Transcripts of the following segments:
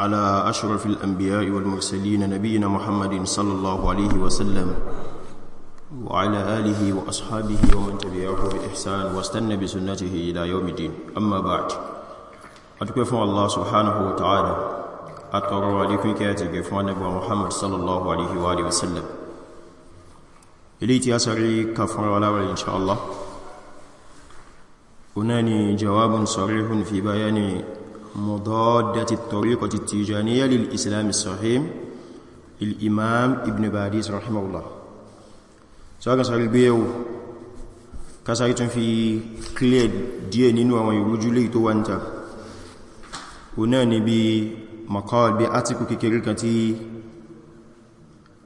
على أشرف الأنبياء والمرسلين نبينا محمد صلى الله عليه وسلم وعلى آله وأصحابه ومن تبعه بإحسان واستنى بسنته إلى يوم الدين أما بعد أتكفى الله سبحانه وتعالى أتقرر عليكم كاتب نبي محمد صلى الله عليه وآله وسلم إليتي أسري كفر ولا إن شاء الله هناني جواب صريح في بيان مضادة الطريقة التيجانية للإسلام الصحيح الإمام ابن باديس رحمه الله سواء كان ساري البيو كان ساري في كلير دي نينو وما يروجو لي تو وانتا هنا نبي مقال بأتكو كيكيري كتي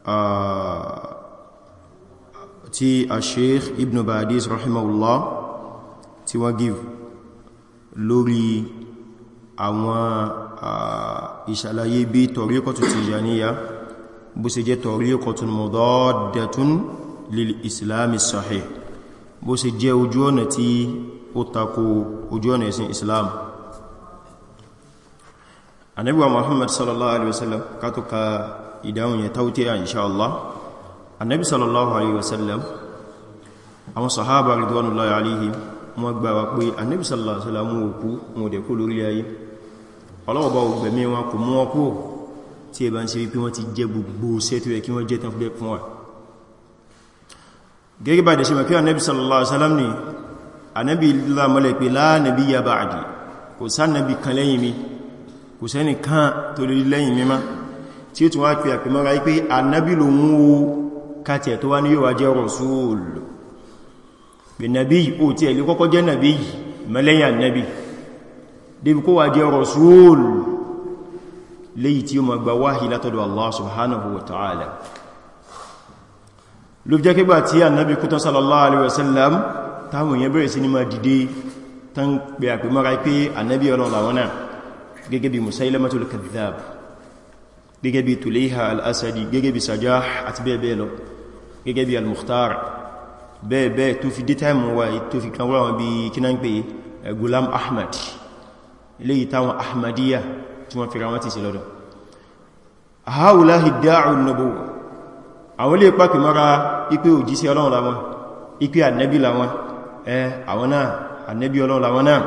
آه تي الشيخ ابن باديس رحمه الله تي وقف لوري àwọn ìṣàlàyé bí tọ̀ríkọ̀tù Tìjàníyà bó ṣe jẹ́ tọ̀ríkọ̀tù mudaddatun lil islami sahih bó ṣe jẹ́ ojú ọ̀nà tí ó tako ojú ọ̀nà ẹ̀sìn islam Ànábì wa Muhammad sallallahu alaihi wasallam ká tó ìdáhùn yẹ tautiya insha wọ́n gbà wá pé Ànábì sallallahu mú òkú wọn dẹ̀kú lórí ayé ọlọ́wọ̀bá ògbẹ̀mí wọn kò mú ọkú tí ẹ bá ń ṣe wípé wọ́n ti jẹ gbogbo ṣẹ́ tó yẹ kí wọ́n jẹ tán fún wa gẹ́gẹ́ bá dẹ̀ ṣe mọ̀ pé anẹ́bí sallallahu alaihi wasallam ni anẹ́bí lámọ́lẹ̀ pé lánàbí ya ba'di kò sánàbí kan lẹ́yìn mi kò sẹ́ni kan tó lè lẹ́yìn mi má débi kó wà jẹ́ rasul léyìí tí ó ma gba wáhí látọ̀dọ̀ Allah subhanahu wa ta'ala ló jẹ́ kígbà tí annabi kútọ́ sallallahu alaihi wasallam táwọn yẹn bẹ̀rẹ̀ sí ní ma dìde tán pè àpè mara pé annabi ọlọ́lọ́wọ́nà gẹ́gẹ́ bí musailamatul kadhab gẹ́gẹ́ bí tuliha al-asadi gẹ́gẹ́ bí sajah àti bẹ́ẹ̀ bẹ́ẹ̀ lọ gẹ́gẹ́ eléyìí táwọn ahmadiyya tí wọ́n fira wọ́n ti sí lọ́dọ̀ haulahi da'un nubuwa àwọn lè pàpì mara ipé òjíṣẹ́ ọlọ́run láwọn ipé annabi láwọn ẹ àwọn náà annabi ọlọ́run láwọn náà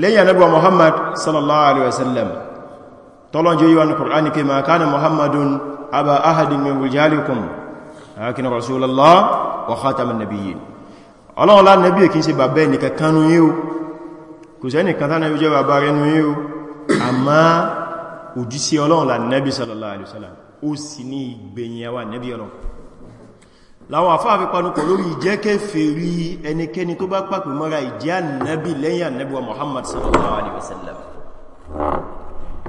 lẹ́yìn annabi muhammad sallallahu alaihi wasallam tọ́lọ́n jẹ́ yíwa ní qur'an kí ma kana muhammadun aba ahadin min rijalikum lakin rasulallah wa kò sẹ́ni kan tánàbí jẹ́ bàbá rẹ̀ nú yíò àmá òjíṣẹ́ ọlọ́run là nẹ́bí sallallahu alaihi wasallam ó sì ní ìgbẹ̀yìn àwa nẹ́bí ọlọ́run láwọn àfáà fi Muhammad sallallahu alaihi wasallam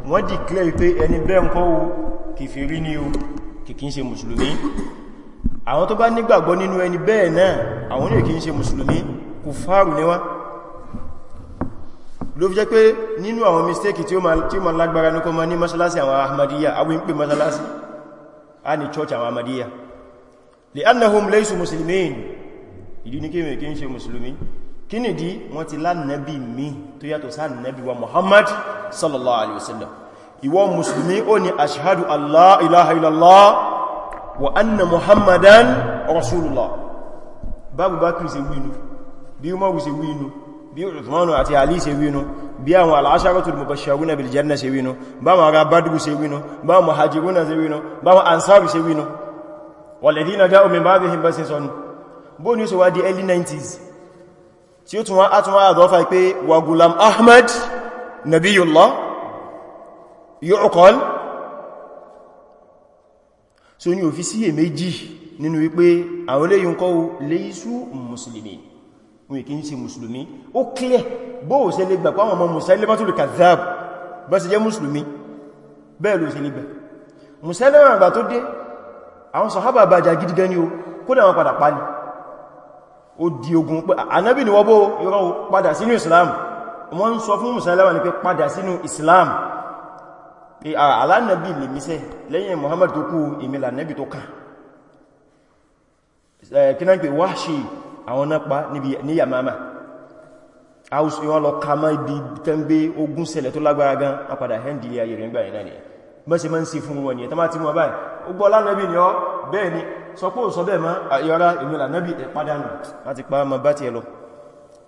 wọ́n dìklẹ́ pé ẹni bẹ́ẹ̀ ńkọ́ o kèfèrí ni o kìkí ń ṣe mùsùlùmí àwọn tó bá nígbàgbọ́ nínú ẹni bẹ́ẹ̀ náà àwọn ní kìí ṣe mùsùlùmí kùfárù ni wá ló fi jẹ́ pé nínú àwọn mistake tí ó ma lágbára ní kọ́ ma ní masalasi àwọn ahmadiyya awin pè masalasi a ní church àwọn ahmadiyya li'annahum laysu muslimin ìdí ní kéèmè kí ń ṣe musulmi kí ni dí wọ́n ti lánàbí mi tó yàtọ̀ sáà nàbí wa muhammad sallallahu alaihi wasallam ìwọ musulmi ó ní ashhadu allah ilaha illallah wa anna muhammadan rasulullah babu bakri ṣe winu bí umar ṣe winu bí Uthmanu àti Ali ṣe wínú bí àwọn al-asharatul mubashsharuna bil janna ṣe wínú bá wọn ará Badru ṣe wínú bá wọn muhajiruna ṣe wínú bá wọn ansaru ṣe wínú walladhina ja'u min bá sí sọ́nù ṣe wá di early 90s tí ó tún wá àtúnwá àdọ́fà pé wa Ghulam Ahmad nabiyullah yu'qal so ní òfin síyè méjì nínú wọn kì í ṣe mùsùlùmí ó clear bóò ṣe lè gbà pàwọn ọmọ Musailamatul Kadhdhab bá ṣe jẹ́ mùsùlùmí bẹ́ẹ̀ ló ṣe lè gbà Musailama àgbà tó dé àwọn sàhábà bàjá gidi gan ni ó kódà wọn padà pani ó di ogun pé anábì ni wọ́bó yọ́rọ̀ padà sínú Islam wọ́n ń sọ fún Musailama ní pé padà sínú Islam pé alánàbì lè mísẹ́ lẹ́yìn Muhammad tó kú ìmìlànàbì tó kàn kí pé Wahshi àwọn nápa ní yamama house wọ́n lọ kama ibi tẹ́m̀bé ogun ṣẹlẹ̀ tó lágbára gan apadà hendi ayé rẹ̀ nígbà ìdáni mọ́sí mọ́ sí fún wọn ni ẹ̀tọ́ máa ti mọ́ báyìí ó gbọ́ lánàbí ni ọ bẹ́ẹ̀ ni sọ pé ò sọ bẹ́ẹ̀ mọ́ àyọ́rá ah, ìmìlà náàbí ẹ̀pádánù láti pa mọ́ bá ti ẹ lọ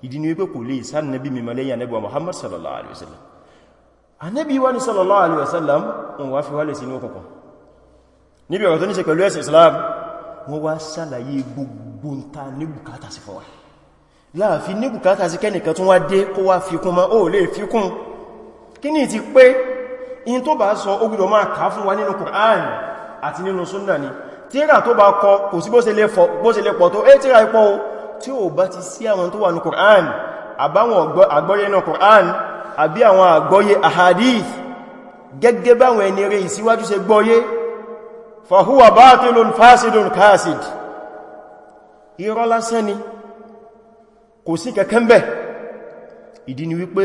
ìdí ni wípé kò lè sánàbí mímọ̀ lẹ́yìn anẹ́bí Muhammad ni sallallahu alaihi Islam wọ́n wá sálàyé gbogbo ń ta ní bùkátà sí fọwà láàfi ní bùkátà sí kẹ́nìkan tún wá dé kó wá fikún ma ó lè fikún kí ní ti pé in tó bá sọ ó gbọ́dọ̀ máa kà fún wa nínú Qur'an àti nínú súnnà ni tíra tó bá kọ kò sí bó ṣe lè pọ̀ tó é tíra ipò tí ó bá ti sí àwọn tó wà ní Qur'an àbáwọn àgbọ́yé náà Qur'an àbí àwọn àgbọ́yé ahadith gẹ́gẹ́ báwọn ẹni rẹ̀ ìsíwájú ṣe gbọ́yé fahuwa batilun fasidun kasid irọ́ lásán ni kò sí kẹ̀kẹ́ bẹ̀ ìdí ni wípé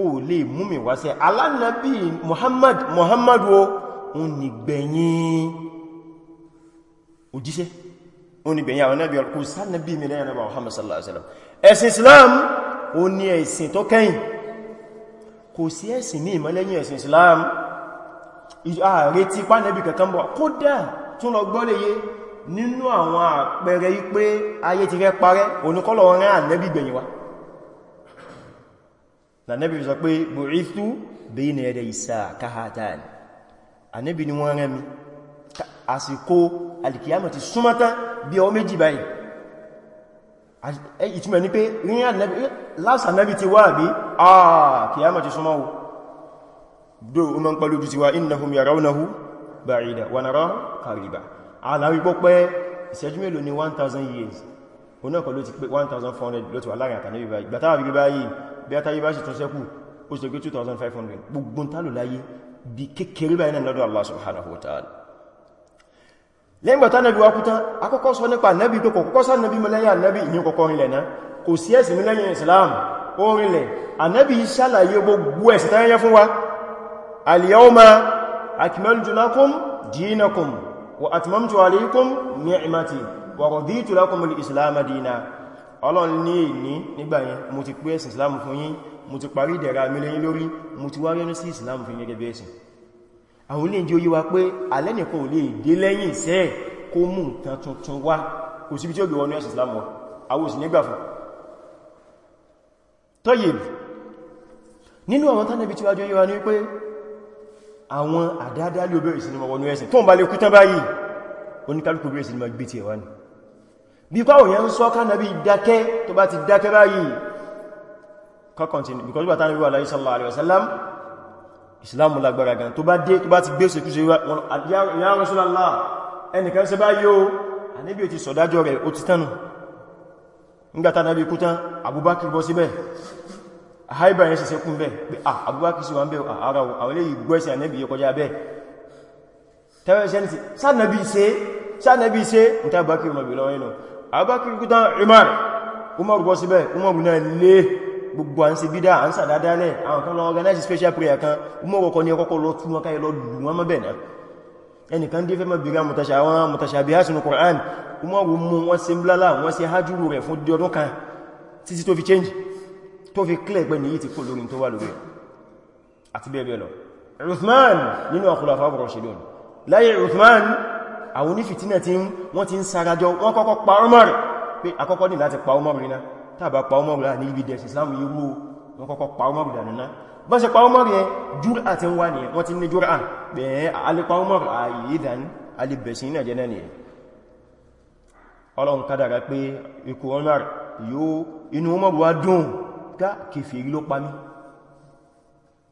o lè mú mi alánàbí Muhammad Muhammad o òun ni gbẹ̀yìn òjíṣẹ́ òun ni gbẹ̀yìn àwọn náàbí ọkùn sánàbí mi lẹ́yìn Muhammad sallallahu alaihi wasallam ẹ̀sìn Islam ó ní ẹ̀sìn tó kẹ́yìn Islam ààrẹ ti pánẹ́bì kẹ̀kẹ́ bọ̀ kódà tún lọ nínú àwọn àpẹẹrẹ wípé ayé ti rẹ parẹ́ oníkọ́lọ̀ rán ànẹ́bì gbẹ̀yìn wa lànẹ́bì sọ pé bu'ithu bayna yaday saa kahatan ànẹ́bì ni wọ́n rán mi àsìkò alìkìyàmọ̀ ti súnmọ́tán bí ọ méjì báyìí ba'ida wa narahu qariba aláwí pọ́pẹ́ ìṣẹ́jú mélòó ní 1000 years o náà kọ̀ ló ti pé 1400 ló ti wà láàrin àtàrí bíbáyìí gbàtàwà bíbáyìí bí a táyé bá sì tún sẹ́kù ó sì gbé 2500 gbogbo tálò láyé bí kékeré báyìí náà lọ́dọ̀ Allah subhanahu wa ta'ala lẹ́yìn gbàtà nàbí wa kúta akọ́kọ́ sọ nípa nàbí tó kọ̀kọ́ sá nàbí mọ́lẹ́yà nàbí ìyẹn kọ̀kọ́ Islam ó rinlẹ̀ ànàbí ṣàlàyé gbogbo ẹ̀sìn tayẹyẹ fún al-yawma akmaltu lakum dinakum وأتممت عليكم نعمتي ورضيت لكم الإسلام دينا ọlọ́run ní èní nígbàyẹn mo ti pé ẹ̀sìn islam fún yín mo ti parí ìdẹ̀ra mi lẹ́yìn lórí mo ti wáyé ní sí islam fún yín gẹ́gẹ́ bí ẹ̀sìn àwọn olè jẹ́ oyíwa pé alẹ́nìkan ò lè dé lẹ́yìn sẹ́ kó mú nǹkan tuntun wá kò síbi tí ó gbé wọnú ẹ̀sìn islam wọ àwọn òsì nígbà fún tọ́yẹ̀ nínú àwọn tánàbí tí wájú yíwa ní pé àwọn àdádálé obẹ̀rẹ̀ sí ni ma wọnú ẹ̀sìn tó ń bá lè kú tán báyìí oníkálùkù bẹ̀rẹ̀ sí ni ma gbé ti ẹ̀wà ní bí káwọn yẹn ń sọ ká nàbí dákẹ́ tó bá ti dákẹ́ báyìí kọ́kọ̀ntínú because bàtà níbi alayhi sallallahu alaihi wasallam islamu lágbára gan tó bá dé tó bá ti gbé òsèkú sí ya Rasulullah ẹnìkan sí bá yóò àníbí ò ti sọ̀dájọ́ rẹ̀ ó haiba yẹn ṣẹ̀ṣẹ̀ kún bẹ́ pé ah abúwákí sí wọn bẹ́ ah, ara àwọn ilé ìgbẹ́sẹ̀ ànẹ́bì yẹ kọjá bẹ́ tẹ́wẹ́sẹ̀ ní sánàbí ṣe sánàbí ṣe ní tàbákí ọmọ ìlọ ẹnu abákí kúta Umar Umar bọ́ síbẹ̀ Umar náà lé gbogbo special prayer kan Umar kọ́kọ́ ní ọkọ́kọ́ lọ tún wọn káyẹ lọ lù wọn mọ́bẹ̀ náà ẹnìkan Qur'an Umar mú wọn sí ń blálà wọn sí hajjúrù rẹ̀ fún change tó fi kílẹ̀ pẹ́ ní yí ti kó lórí tó wà lórí àti bẹ́ẹ̀bẹ́ẹ̀ lọ Uthman nínú al-khulafa ar-rashidun láyé Uthman àwọn onífìtínà tí wọ́n ti ń sarajọ wọ́n kọ́kọ́ pa Umar pé àkọ́kọ́ ní láti pa Umar rina tàbà pa Umar rina ní ibi dẹ̀sì Islam yíwó wọ́n kọ́kọ́ pa Umar rina nuna bọ́n ṣe pa Umar yẹn yóò inú Umar wá dùn gá kèfèrí ló pa mí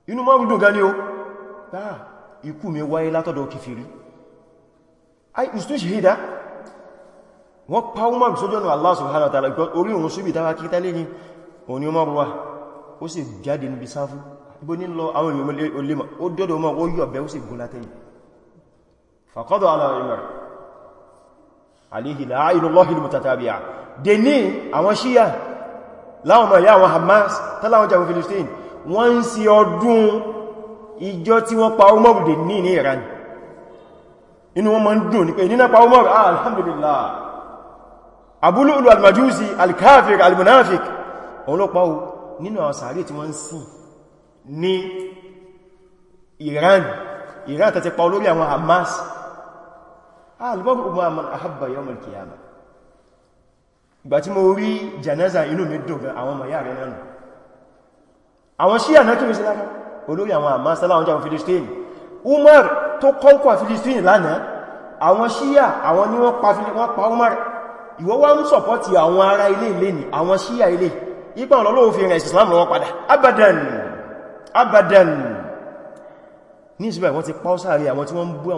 inú mọ́ rúdùn gan ni ó dáa ikú mi wáyé látọ̀dọ̀ kèfèrí ai ìsìtò ṣìhídá wọ́n pa umar sójọ́nà Allah subhanahu wa ta'ala orí òun síbi tàbá kí tálé ní òní umar wa ó sì jáde níbi sáfú ibo ní lọ àwọn ènìyàn olèmọ̀ láwọn ọmọ ìyá àwọn Hamas tọ́láwọn jagun Philistine wọ́n ń ṣe ọdún ìjọ tí wọ́n pa Umar dè ní ní Iran inú wọn máa ń dùn ní pé nínú pa Umar ah, alhamdulillah Abu Lu'lu al-Majusi al-Kafir al-Munafiq òun ló nínú àwọn sàárè tí wọ́n ń sìn ní Iran Iran tàti pa olórí àwọn Hamas ah, alùmọ́bù ìgbà tí mo rí janaza inú mi dùn àwọn ọmọ ìyá rẹ̀ náà àwọn ṣíyà náà kí mi sí lára olórí àwọn àmásálà àwọn jàun Filistine Umar tó kọ́kọ́ Filistine lánàá àwọn ṣíyà àwọn ni wọ́n pa wọ́n pa Umar ìwọ wá ń sọ̀pọ̀tì àwọn ará ilé ilé ni àwọn ṣíyà ilé ipa ọ̀lọ́lọ́ òfin rẹ̀ Islam lọ́wọ́ padà abadan abadan ní ìsìnbà wọ́n ti pàọ́sáàrí àwọn tí wọ́n ń bú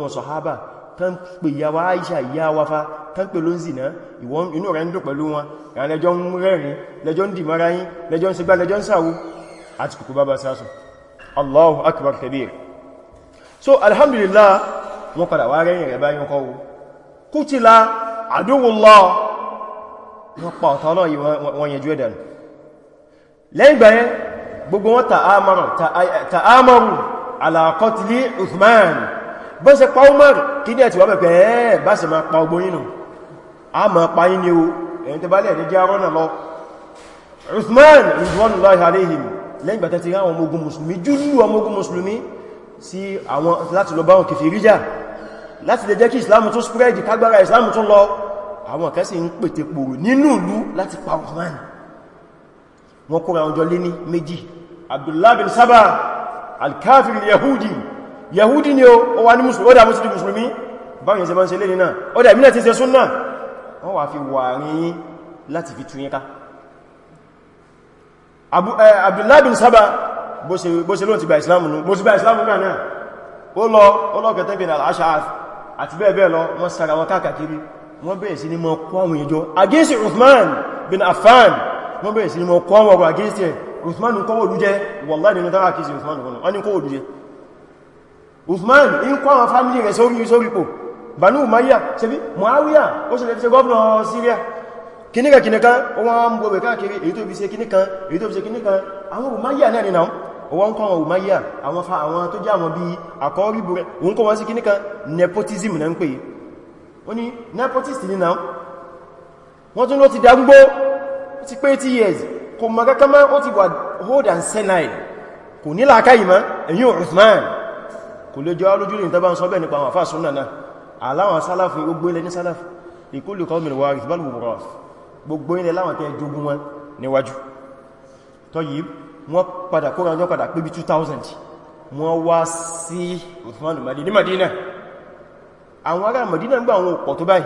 tán pè yàwó Aisha ìyá wa fa tán pè ló ń zìnà ìwọ̀n inú rẹ̀ ń dùn pẹ̀lú wọn ìrìn lẹ́jọ́ ń rẹ̀rin lẹ́jọ́ ń dìmọ́ra yín lẹ́jọ́ ń ṣe gbá ń sàwó àti kùkù bàbá sásùn Allahu so alhamdulillah wọn padà wá rẹ̀yìn rẹ̀ báyìí kọ́ kútìlá àdúwùlọ́ wọn pa ọ̀tá náà yìí wọn yẹjú ẹ̀dà lẹ́yìn gbà yẹn Uthman bọ́n ṣe pa Umar kí ní ẹ̀tì wọ́n mẹ́pẹ̀ ẹ́ bá sì máa pa ogbó yínú a máa pa yín ni o ẹ̀yìn tó bá lẹ̀ ní jẹ́ arọ́nà lọ Uthman ridwanullahi alaihim lẹ́yìn gbàtẹ́ ti ráwọn ọmọogun musulmi júlù ọmọogun musulmi sí àwọn láti lọ bá wọn kìfì ríjà láti lè jẹ́ kí islamu tún spread kágbára islamu tún lọ àwọn kẹsì ń pètè pòrò nínú ìlú láti pa Abdullah bin Saba al-kafir yahudi yahudi ni o wà ní musulmi ó dá musulmi musulmi báwọn yẹn ṣe máa ń ṣe lé nínà ó dá ìmìnà ti ṣe súnnà wọ́n wà fi wà rí láti fi tún yínká eh, abdullahi bin saba bó ṣe lóòtí gba islamu nù mọ́sí gba islamu náà náà ó lọ ọlọ́kẹtẹ́bìn al-ash'af àti bẹ́ẹ̀ bẹ́ẹ̀ lọ wọ́n sara wọn káàkiri wọ́n bẹ̀rẹ̀ sí ni mọ́ kó àwọn ìjọ agéṣì uthman bin affan wọ́n bẹ̀rẹ̀ sí ni mọ́ kó àwọn ọgbà agéṣì ẹ̀ uthman kọ́wọ́ olújẹ́ wallahi nínú tàbí agéṣì uthman kọ́wọ́ olújẹ́ Uthman in kọ́ àwọn fámílì rẹ̀ sórí ìsorípò Banu Umayya ṣe bí Muawiya ó ṣe lè fi ṣe gọ́ọ̀nà Syria kìníkà kìníkà wọ́n ń gbogbo káàkiri èyí tó fi ṣe kìníkà èyí tó fi ṣe kìníkà àwọn Umayya náà nìna wọ́n kọ́ àwọn Umayya àwọn fa àwọn tó jẹ́ àwọn bí àkọ́rí burẹ̀ òun kọ́ wọ́n sí kìníkà nepotism na ń pè ó ní nepotist ní náà wọ́n tún ló ti dágbó ti pé 80 years kò mọ̀ kankan mọ́ ó ti wà hold and senile kò nílà káyìmá ẹ̀yìn Uthman kò lè jọ lójú ní tàbá ń sọ bẹ́ nípa àwọn àfáà súnnà náà aláwọn sálàfù gbogbo ilẹ̀ ní sálàfù ìkúlù kọmìn wà rí bá lùwọ̀ rọ̀ gbogbo ilẹ̀ láwọn tẹ́ jogun wọn níwájú tó yí wọ́n padà kó ránjọ́ padà pé bí 2000 wọ́n wá sí Uthman madi ní Madina àwọn ará Madina gbà àwọn òpọ̀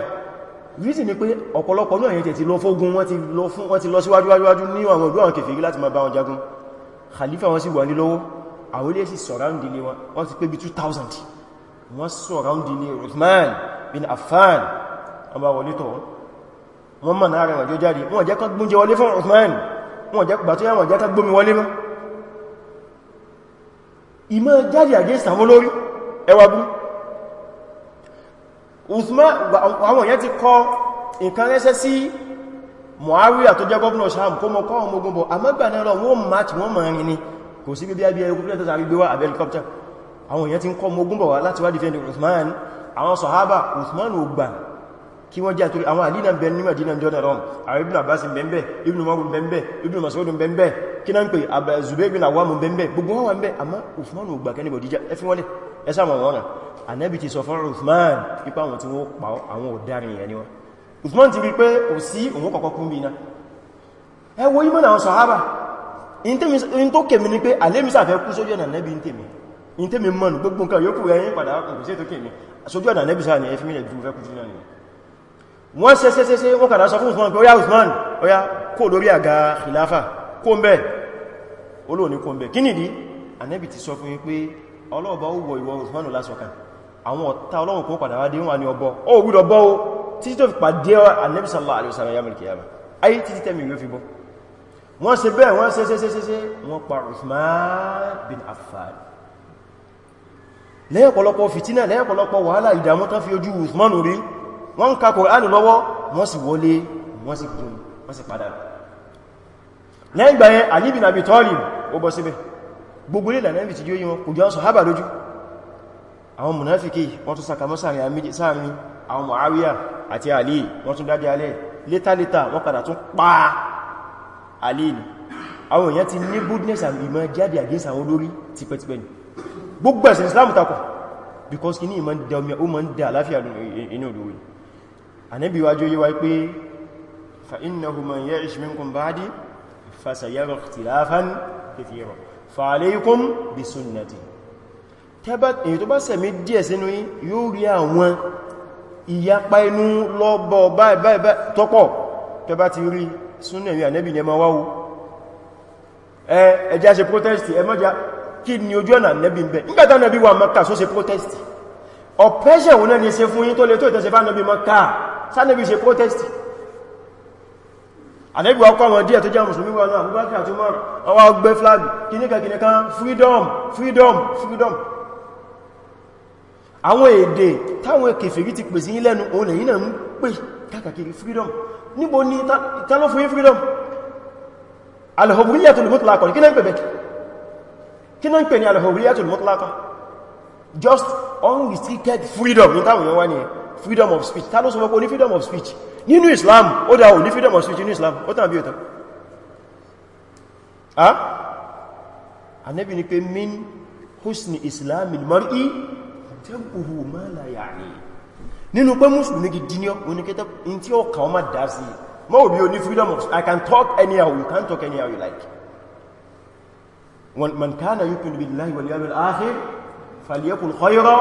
ni pé ọ̀pọ̀lọpọ̀ náà yẹn tẹ̀tì lọ fógun wọ́n ti lọ síwájú ní àwọn ìlú àwọn kèfèrí láti máa bá wọn jagun khalifa wọn sì wà ní lọ́wọ́ àwọn ilé sì sọ̀ráùndì ilé wọn wọ́n ti pé bí 2000 wọ́n sọ̀ráùndì ilé Uthman bin Affan ọba wọlé tọ̀ wọ́n mọ̀ náà rẹ̀ wọ́n jọ jáde wọ́n jẹ́ kan gbóúnjẹ wọlé fún Uthman wọ́n jẹ́ gbà tó yá wọ́n jẹ́ kan gbómi wọlé mọ́ ìmọ̀ jáde àgé sàwọn lórí ẹwà bú Uthman àwọn yẹn ti kọ nǹkan rẹ́sẹ́ sí Muawiya tó jẹ́ gọ́ọ̀nà Sham kó mọ́ kọ́ ọmọ ogun bọ̀ àmọ́gbà náà wọ́n máa tí wọ́n mọ̀ rin ni kò sí bí i ẹgbẹ́ tó sàrí gbéwà àbẹ́ helicopter àwọn èèyàn ti ń kọ́ mogun bọ̀ wá láti wá defend Uthman àwọn sọ̀hábà Uthman ò gbà kí wọ́n jẹ́ àtúrí àwọn àdínà bẹ ní Madina jọ́nà rọm àwọn Ibn Abbas bẹ̀m̀bẹ̀ Ibn Umaru bẹ̀m̀bẹ̀ Ibn Mas'ud bẹ̀m̀bẹ̀ kí náà ń pè Zubayr ibn Awwam bẹ̀m̀bẹ̀ gbogbo wọn wà ń bẹ̀ àmá Uthman ò gbà kẹ́nìbọ̀ díjá ẹfí wọlé ẹsà mọ̀ wọ́n Ànábì ti sọ fún Uthman ipa àwọn tí wọ́n pa àwọn ọ̀daràn yẹn ni wọn Uthman ti rí pé kò sí òun àwọn sọ̀hábà in tó kèmí ní pé àlémísà fẹ́ kú sójú ọ̀nà nẹ́bí tèmi in tèmi mọ́nù gbogbo nǹkan yóò kú rẹ̀ yín padà kùnkùn sí ètò kèmí sójú ọ̀nà nẹ́bí sáà ní ẹfí mílẹ̀ fẹ́ kú sójú ọ̀nà wọ́n ṣe wọ́n kàdá sọ fún Usman pé ó yá Usman ó yá kó lórí àga khilafa kó ń bẹ́ olóòní kó ń bẹ́ kí nìdí anẹ́bì ti sọ fún yín pé ọlọ́ọ̀bá ó wọ ìwọ Usman sallallahu alaihi wasallam yamil kiyama ayé títí wọ́n ṣe bẹ́ẹ̀ wọ́n ṣe ṣeṣeṣe wọ́n pa Uthman bin Affan lẹ́yẹ̀pọ̀lọpọ̀ fìtínà lẹ́yẹ̀pọ̀lọpọ̀ wàhálà ìdàmú tán fi ojú Uthman rí wọ́n ń ka Kùránì lọ́wọ́ wọ́n sì wọlé wọ́n sì gùn wọ́n sì padà lẹ́yìn gbà yẹn Ali bin Abi Talib ó bọ́ síbẹ̀ gbogbo ilẹ̀ lẹ́nà ti yóò kò jọ sọ̀hábà lójú àwọn mùnáfikì wọ́n tún sakamọ́ sáàrin àwọn Muawiya àti Ali wọ́n tún alìlú àwọn èèyàn ti ní goodness and ìmọ̀ jáde against àwọn olórí ti ni gbogbo ẹ̀sìn Islam takọ̀ because kí ní ìmọ̀ dẹ omi o mọ̀ ń dẹ àláfíà inú olórí anẹ́bíwájú yíwa pé fa innahu man ya'ish minkum ba'di fa sayara ikhtilafan kathira fa alaykum bi sunnati tẹ́bá èyí tó bá sẹ̀mí díẹ̀ súnà ní ànẹ́bì ní ẹmọ wáwó ẹjá ṣe protest ẹmọ́já kí ni ojú ọ̀nà ànẹ́bì ń bẹ nígbàtà ànẹ́bì wà Mẹ́kà só ṣe protest oppression wọn ní ṣe fún yín tó lè tó ìtẹ́ṣe fánàbì Mẹ́kà sánàbì ṣe protest ànẹ́bì wà kọ́ àwọn díẹ̀ tó jẹ́ mùsùlùmí wọn náà Abubakar àti Umar àwọn ọgbẹ́ flag kìníkàkìníkan freedom freedom freedom àwọn èdè táwọn kèfèrí ti pèsè yín lẹ́nu òun lẹ́yìn náà ń kákàkiri freedom níbo ni ìtàlọ́ fún yí freedom alhurriyatul mutlaqa ní kí náà ń pè bẹ́ẹ̀ kí náà ń pè ní alhurriyatul mutlaqa just unrestricted freedom ní táwọn yọwa ní freedom of speech tàbí sọmọ́pọ̀ ní freedom of speech nínú Islam ó dáwò ní freedom of speech nínú Islam ó tàbí ọ̀tọ̀ ah anẹ́bí ni pé min husni islamil mar'i tempuhu ma la ya'ni nínú pé mùsùlùmí gidi ní oníkẹta in tí ó kàn ọmọ dá sí mọ́ òbí o ní freedom of i can talk anyhow you can talk anyhow you like man kana yu'minu billahi wal yawmil akhir falyakul khayran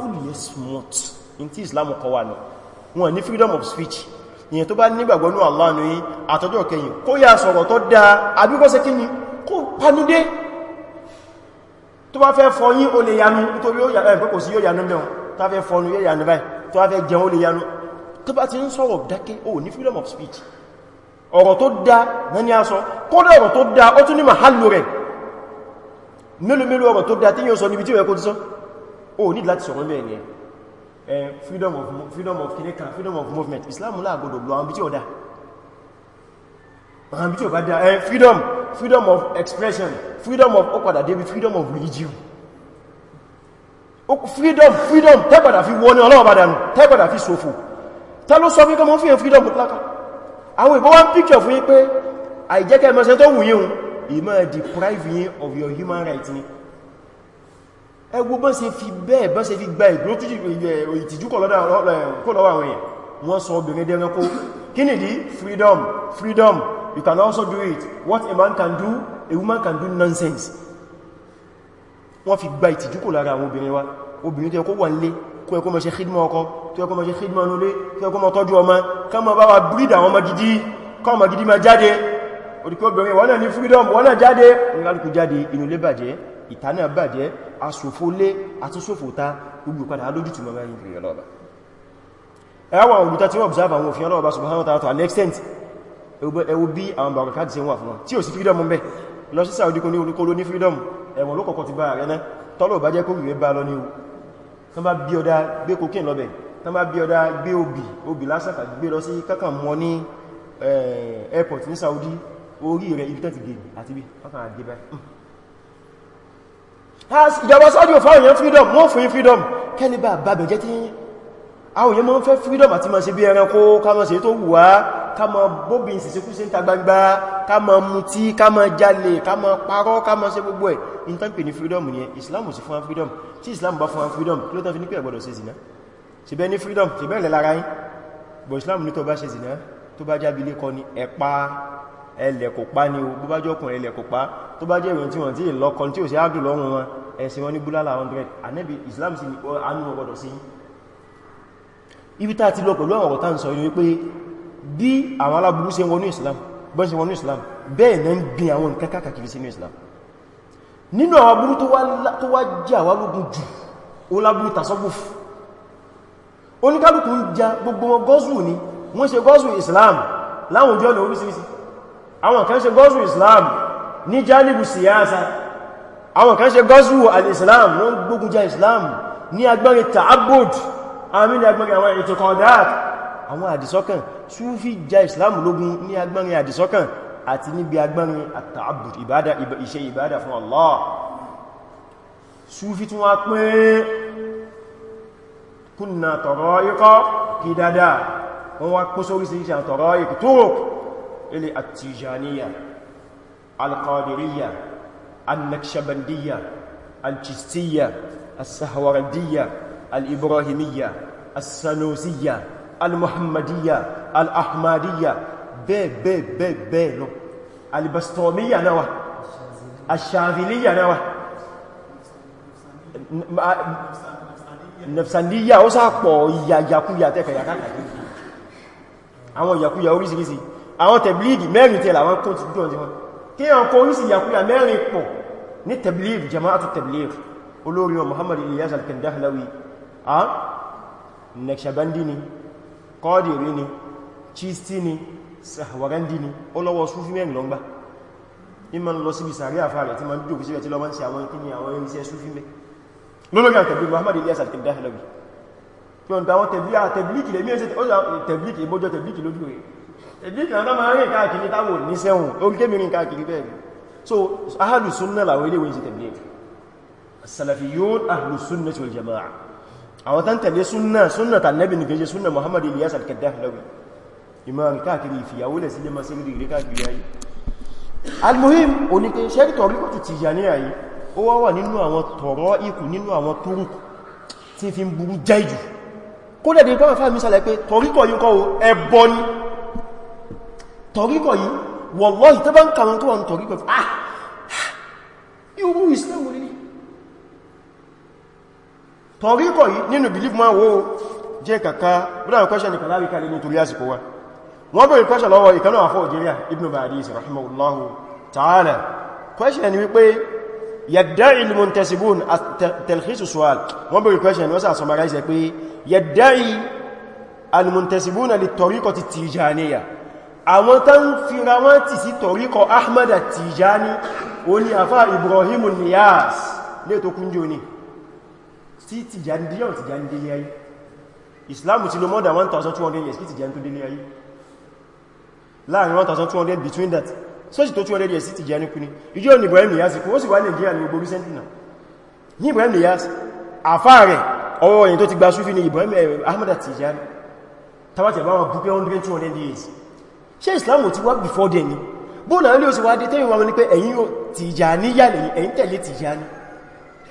ó lè smart in tí islam kọ wà náà wọn ní freedom of speech ìyẹn tó bá nígbàgbọ́ ní Allah ní àtọ́jọ́ kẹyìn kó yá sọ̀rọ̀ tó dáa àbíkọ́sẹ́ kí ni kó panudé tó bá fẹ́ fọyín o lè yanu nítorí ó yà ẹ̀kọ́ kò sí yóò yanu mẹ́wọ̀n tó bá fẹ́ fọnú yóò yanu báyìí tó wá fẹ́ jẹun ní yanu tó bá ti ń sọ̀rọ̀ dákẹ́ o ní freedom of speech ọ̀rọ̀ tó dá ní a sọ kódà ọ̀rọ̀ tó dá ó tún ní màhálù rẹ̀ mélòó ọ̀rọ̀ tó dá tí yíò sọ níbi tí ó yẹ kó ti sọ o ní láti sọ̀rọ̀ mẹ́rin ẹ̀ freedom of freedom of freedom of movement Islam láàgbọ́dọ̀ lọ àwọn bí tí ó dá freedom of expression freedom of ó padà freedom of religion freedom freedom tẹ́gbàdà fi wọ́n ní ọlọ́wọ́ bàdànù tẹ́gbàdà fi sòfò tẹ́ ló sọ fún kọmọ fíyàn freedom pláka àwọn ìbọn wọ́n picture fún yí pé àìjẹ́kẹ́ mẹ́sẹ̀ tó wù yí hun ìmọ̀ deprive of your human rights ni ẹgbó bọ́n ṣe fi bẹ́ẹ̀ bọ́n ṣe fi gba ìtìjú kọ̀ lọ́wọ́ àwọn èèyàn wọ́n sọ obìnrin dẹ́ranko kí nìdí freedom freedom you can also do it what a man can do a woman can do nonsense wọ́n fi gba ìtìjú kò lára àwọn obìnrin wa obìnrin tó yẹ kó wà nílé kó yẹ kó máa ṣe khidma ọkọ tó yẹ kó máa ṣe khidma nílé tó yẹ kó máa tọ́jú ọmọ ká máa bá wa breed àwọn ọmọ gidi ká jáde òdìkọ́ obìnrin freedom wọ́n náà jáde oníkálùkù jáde inú ilé bàjẹ́ ìta náà bàjẹ́ asòfò lé àti sòfò ta gbogbo padà alójútù mọ́ báyìí ìrìn ọlọ́ọ̀bá observe àwọn òfin ọlọ́ọ̀bá subhanahu wa ta'ala to extent ẹwọ bí àwọn bàrùkà ti ṣe wà freedom ń bẹ lọ sí Saudi kò ní olùkọ́ ló ní freedom ẹ̀wọ̀n ló kọ̀kọ́ ti bá rẹ̀ náà tọ́lọ̀ bá jẹ́ kó rèé bá lọ ní o tán bá bí ọdá gbé kokéèn lọ́bẹ̀ tán bá bí ọdá gbé obì obì lásàkà gbé lọ sí kákà mọ́ ní airport ní Saudi orí rẹ̀ ibi tẹ́tì gèè àti bí kákà àgbé báyìí hmm. ìjọba Saudi freedom wọ́n fún freedom kẹ́lẹ́bà bàbẹ̀ jẹ́ tí àwọn èèyàn mọ́ freedom àti máa ṣe bí ẹranko ká ká má bóbin sísíkúsí ń ta gbangba ká má mutí ká má jalè ká má parọ́ ká má ṣe gbogbo ẹ̀ in tán pè ní freedom ní ẹ islam sí fún freedom tí islam bá fún freedom kí ló tán fi ní pé ẹgbọ́dọ̀ ṣe zina ṣe bẹ́ ní freedom ṣe bẹ́ẹ̀ lára yín bọ̀ islam ní tó bá ṣe zina tó bá jábi lé kọ ní ẹ̀pá ẹlẹ́kọ̀pá ni o bó bá jọ́kùn ẹlẹ́kọ̀pá tó bá jẹ́ ìwọ̀n tí wọ́n tí lọ́kọ̀ tí ò sí ágùn lọ́rùn wọn ẹ̀sìn wọn ní búlálà 100 anẹ́bí islam sí ni anú ọgbọ̀dọ̀ sí ibi tá ti lọ pẹ̀lú àwọn ọ̀rọ̀ tá ń sọ yìí wípé bí àwọn aláburú ṣe wọnú islam bọ́n ṣe wọnú islam bẹ́ẹ̀ náà ń gbin àwọn nǹkan kákàkiri sínú islam nínú àwọn aburú tó wá jà wá lógun jù ó láburú tasọ́gùf oníkálùkù ń ja gbogbo wọn gọ́ọ̀sù ni wọ́n ṣe gọ́ọ̀sù islam láwọn ojú ọ̀nà oríṣiríṣi àwọn kan ṣe gọ́ọ̀sù islam ní àwọn àdìsọ́kàn súfí já ìsìláàmù lógún ní agbárin àdìsọ́kàn àti níbi agbárin àtàbù ìbádà iṣẹ́ ìbádà fún Allah súfí tún wá pé kúnnà tọ̀rọ ikọ́ kí dáadáa wọ́n wá kó sórí sí ìṣàn tọ̀rọ ikú tó ilẹ̀ àtìjàníyà alkọ̀dìríyà annakshabandiyya alchistiyya asahawardiyya al'ibrahimiyya assanusiyya al-muhammadiyya al-ahmadiyya bẹ́ẹ̀ bẹ́ẹ̀ bẹ́ẹ̀ bẹ́ẹ̀ lọ al-bastomiyya náà wà al-shaziliyya náà wà nafsandiya ó sápọ̀ ìyàyàkúyà tẹ́kẹ̀yà káàkiri àwọn ìyàkúyà orísìírísìí àwọn tẹ̀blíìgì mẹ́rin tẹ́lá wọn kó ti dùn wọn kí yàn kó orísìí ìyàkúyà mẹ́rin pọ̀ ní tẹ̀blíìgì jama'atu tẹ̀blíìgì olórin Muhammad Ilyas al-Kandahlawi a ah, Naqshbandi kọ́dìrí ni chisti ni sahwarandi ni ó lọ́wọ́ súnfí mẹ́rin lọ́gbà ìmọ̀ lọ síbi sàárì àfà rẹ̀ tí ma ń dùn síbẹ̀ tí lọ máa ń ṣe àwọn kíni àwọn irinṣẹ́ súnfí mẹ́ lọ́lọ́gbà tẹ̀bí Muhammad Ilyas al-Kandahalawi tí wọ́n tàwọn tẹ̀blíkì lè mẹ́rin tẹ̀blíkì ìbójọ tẹ̀blíkì lójú rẹ̀ tẹ̀blíkì àwọn máa so ahlu sunna làwọn ilé ìwé ń ṣe tẹ̀blíkì as-salafiyun ahlu àwọn tán tẹ̀lé súnnà súnnà tànẹ́bì ní kejì súnnà Muhammad Ilyas al-Kaddafi imam káàkiri ìfìyàwó lẹ̀ sílé masí rí rí káàkiri ayé al-muhim onípe ṣẹ́rìtọ̀ rí kòtù Tijaniyya yìí ó wá wà nínú àwọn tọ̀rọ ikù nínú àwọn tóòrùn tí fi ń burú jẹ́ jù kó dẹ̀ dín káwọn fáàmì sálẹ̀ pé tọ̀ríkọ̀ yìí kọ́ ẹbọ tọ̀ríkọ̀ yìí nínú believe man wo jẹ́ kàkà brother question ni kàlárí kalẹ̀ nítorí àsìkò wa wọ́n bèèrè question lọ́wọ́ ìkanú àfọ́ òjìríà ibn Badis rahimahullahu ta'ala question ni wípé yadda'i al-muntasibun at-talkhisu su'al wọ́n bèèrè question wọ́n sà al-muntasibun lit-tariqati tijaniyya àwọn tán fira wọ́n ti Ahmad tijani ó ní àfá Ibrahim Niyas kúnjò ni tí Tìjàníyà ti jà ń délé ayé Islam ti lo more than 1200 years kí Tìjàní tó délé ayé láàrin 1200 between that so ti tó 200 years sí Tìjàní kú ní ìjọ́ ní Ibrahim Niyas kú ó sì wà Nigeria ní gbogbo recently náà ní Ibrahim Niyas àfá rẹ̀ ọwọ́ yìí tó ti gba Súfí ní Ibrahim eh, Ahmad Tìjàní tàbátì àbáwọn bú pé 100 200 years ṣe Islam ti wá before then ni bóòlà ilé ó sì wá dé tẹ́yìn wọn ni pé ẹ̀yin Tìjàníyà lẹ́yìn ẹ̀yin tẹ̀lé Tìjàní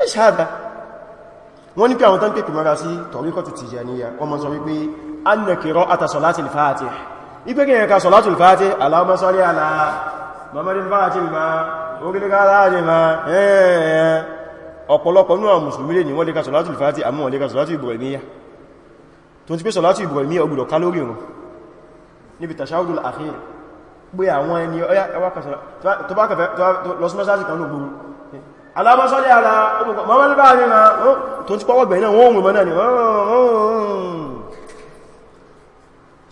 ẹ̀ ṣáàdá wọ́n ní pé àwọn tán pèpè mara sí tọ̀ríkọ̀tù Tijaniyya wọ́n mọ́ sọ wípé anna qira'ata salatil Fatih ipé kí ẹ̀ka salatul Fatih Allahumma salli ala mamadin fatih ma orílẹ̀-èdè aláàjẹ́ ma ẹ̀ẹ̀ẹ̀ ọ̀pọ̀lọpọ̀ ní àwọn mùsùlùmí lè ní wọ́n lè ka salatul Fatih àmọ́ wọ́n lè ka salatul Ibrahimiyya tó ti pé salatul Ibrahimiyya ọgbùdọ̀ kálórì wọn níbi tashahudul akhir pé àwọn ẹni ọya ẹwà kan lọ́sí mọ́sáàtì kan ló gbogbo alábọ́sọ́lẹ̀ ara mọ́mọ́lẹ́bá rí ma tó ti pọ́wọ́ bẹ̀rẹ̀ wọ́n mọ̀ náà ni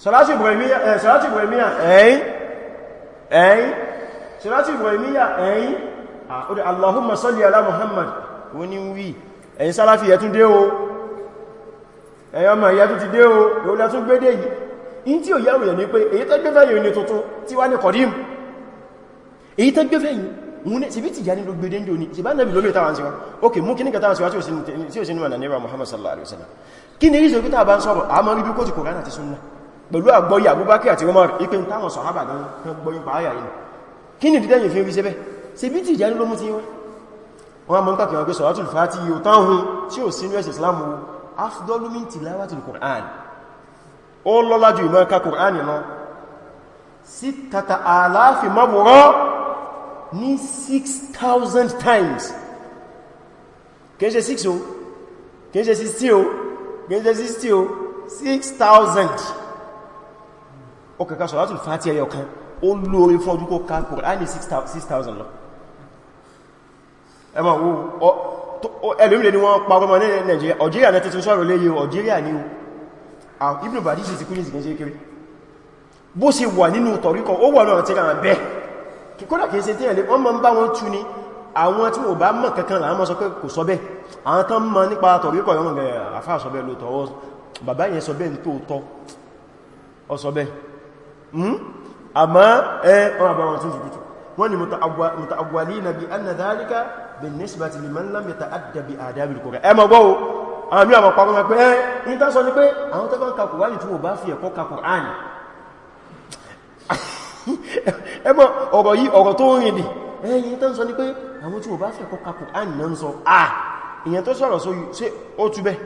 salati Ibrahimiyya eh, salati Ibrahimiyya ẹ̀yìn ẹ̀yìn salati Ibrahimiyya ẹ̀yìn àkúrẹ̀ Allahumma salli ala Muhammad wọ́n ni wí ẹ̀yin Salafi yẹ tún dé o ẹ̀yọ́ ma yẹ tún ti dé o yóò lẹ́ tún gbédé yìí in tí ò yàwó yẹ̀ ní pé èyí tẹ́gbẹ́fẹ́ yìí ni tuntun tí wá ní kọ̀dím èyí tẹ́gbẹ́fẹ́ yìí mune ṣebí Tìjàní ló gbede ndo ni ṣe ba nabi lo mi ta wan siwa okay mu kini ka ta wan siwa tí ó sin tí ó sin ma nabi Muhammad sallallahu alaihi wasallam kíni rizo bi ta ba nso bo a ma ri bi ko ti Qur'an àti sunna pẹ̀lú àgbọ́yé Abubakar àti Umar ipe n tawon sahaba gan kan gbọ́yé pa aya yìí kíni di deyin fi ri ṣe be ṣebí Tìjàní ló mu ti wa wọ́n ma nka ki wa pe salatul fatihi o tan hun tí ó sin wes Islam o afdalu min tilawatil Qur'an ó lọ́lá jù ìmọ̀ ka Qur'an yana sittata alafi maburo ní 6,000 times kìí ṣe 6 o kìí ṣe 60 o kìí ṣe 60 o 6,000 ó kàkà sọ̀rọ̀tún fàtí ẹyọ kan ó lórí fún ọdún kó ká Kùránì 6,000 lọ ẹmọ̀ wo ẹlòmílẹ̀ ni wọ́n pa ọmọ ní Nàìjíríà Algeria ní títún sọ̀rọ̀ lẹ́yẹ Algeria ní o Ibn Badis ti kú ní ìsìnkú ṣe kéré bó ṣe wà nínú tọ̀ríkọ ó wà náà tí ra bẹ́ẹ̀ kódà kìí ṣe tí ẹ̀lẹ́ wọ́n máa ń bá wọn tú ni àwọn tí wọ́n bá mọ̀ kankan láàmọ́ sọ pé kò sọ bẹ́ àwọn tán mọ̀ nípa tọ̀ríkọ̀ yọ́n gẹ̀ ah, àfáà sọ bẹ́ lóòtọ́ bàbá yẹn sọ bẹ́ ní tó tọ́ ọ sọ bẹ́ hmm? àmá ẹ wọ́n àbá wọn tún jùkútù wọ́n ni muta'awwalina bi anna dhalika bin-nisbati liman lam yata'adda bi adabil Qur'an ẹ mọ̀ gbọ́ o àwọn mí àwọn pàpọ̀ pẹ́ ẹ́ ní tán sọ ní pé àwọn tẹ́kọ̀ọ́ kakùránì tí wọ́n bá fi ẹ̀kọ́ ẹmọ ọ̀rọ̀ yìí ọ̀rọ̀ tó rìn dì ẹ̀yìn tó ń sọ ní pé àwọn tí ó bá fẹ́ kọ́kà Qur'an náà ń sọ àà ìyẹn tó sọ̀rọ̀ sóyí sí ó túbẹ̀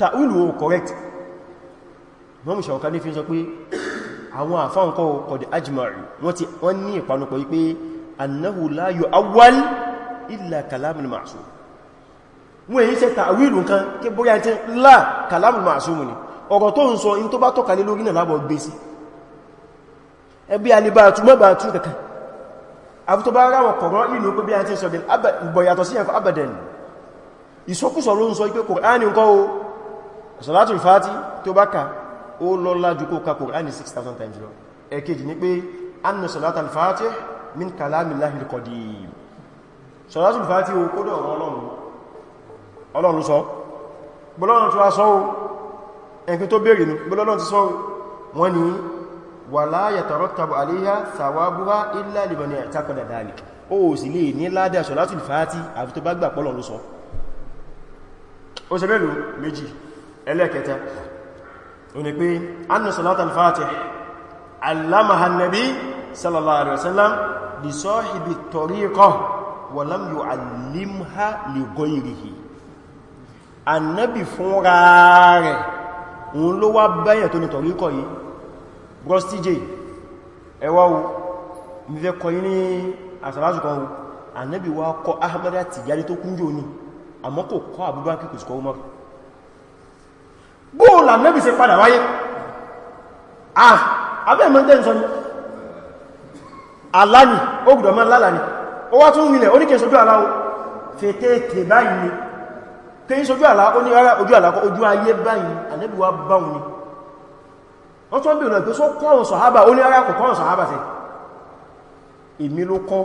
ta'ulu o correct mọ́mù ṣàwọ́ká ní fi sọ pé àwọn àfáǹkọ́ kọ̀dẹ̀ ajma'u wọ́n ní ìpanupọ̀ wípé annahu la yu'awwal illa kalamul ma'sum wọ́n èyí tẹ́ ta'wilu nǹkan kí bóyá tẹ́ lá kalamul ma'sum ni ọ̀rọ̀ tó ń sọ in tó bá tọ́kalé lórí náà lábọ̀ gbé sí ẹbí alibàtú mọ́bàtú kankan àfútọ́ bá ráwọ̀ kọ̀rọ̀ ìlú pé bí a ti sọ bí ìbọ̀yàtọ̀ sí ẹ̀kọ́ abẹ̀dẹ̀n ìsọkúsọ ló ń sọ pé kòránì ń kọ́ o ṣọ̀látùl fàátì tó bá ka ó lọ́lá jù kó ka kòránì 6000 times lọ ẹ̀kejì ni pé anna ṣọ̀látùl fàátì min kalamillahil qadim ṣọ̀látùl fàátì ó kódọ̀ ọlọ́run ọlọ́run wala yatarattabu alayha thawabuha illa liman i'taqada dhalik ó sì lè ní lada salatul fati àfi tó bá gbà polo ló sọ ó ṣe mélòó méjì ẹlẹ́kẹta ó ní pé anna salatul fati allamaha an-nabi sallallahu alaihi wasallam li sahibi tariqa wa lam yu'allimha li ghayrihi bros tj ẹwà o mi fẹ́ kọ yí ní àsàlátù kan ànábì wá kọ Ahmad Tijani tó kúnjò ní àmọ́ kò kọ Abubakar kò sí kọ Umar bóòlà ànábì ṣe padà wáyé ah abẹ́ mọ́ tẹ́ sọ ní aláni ó gbùdọ̀ mọ́ lálàní ó wá tún nílẹ̀ oníkẹ́ sójú aláwọ̀ fẹ́tẹ́ẹ̀tẹ̀ báyìí pé ń sójú àlá ó ní rárá ojú àlá ojú ayé báyìí ànábì ni wọ́n tún bèèrè pé só kọ́rùn sọ̀hábà ó ní ara kò kọ́rùn sọ̀hábà sí èmi ló kọ́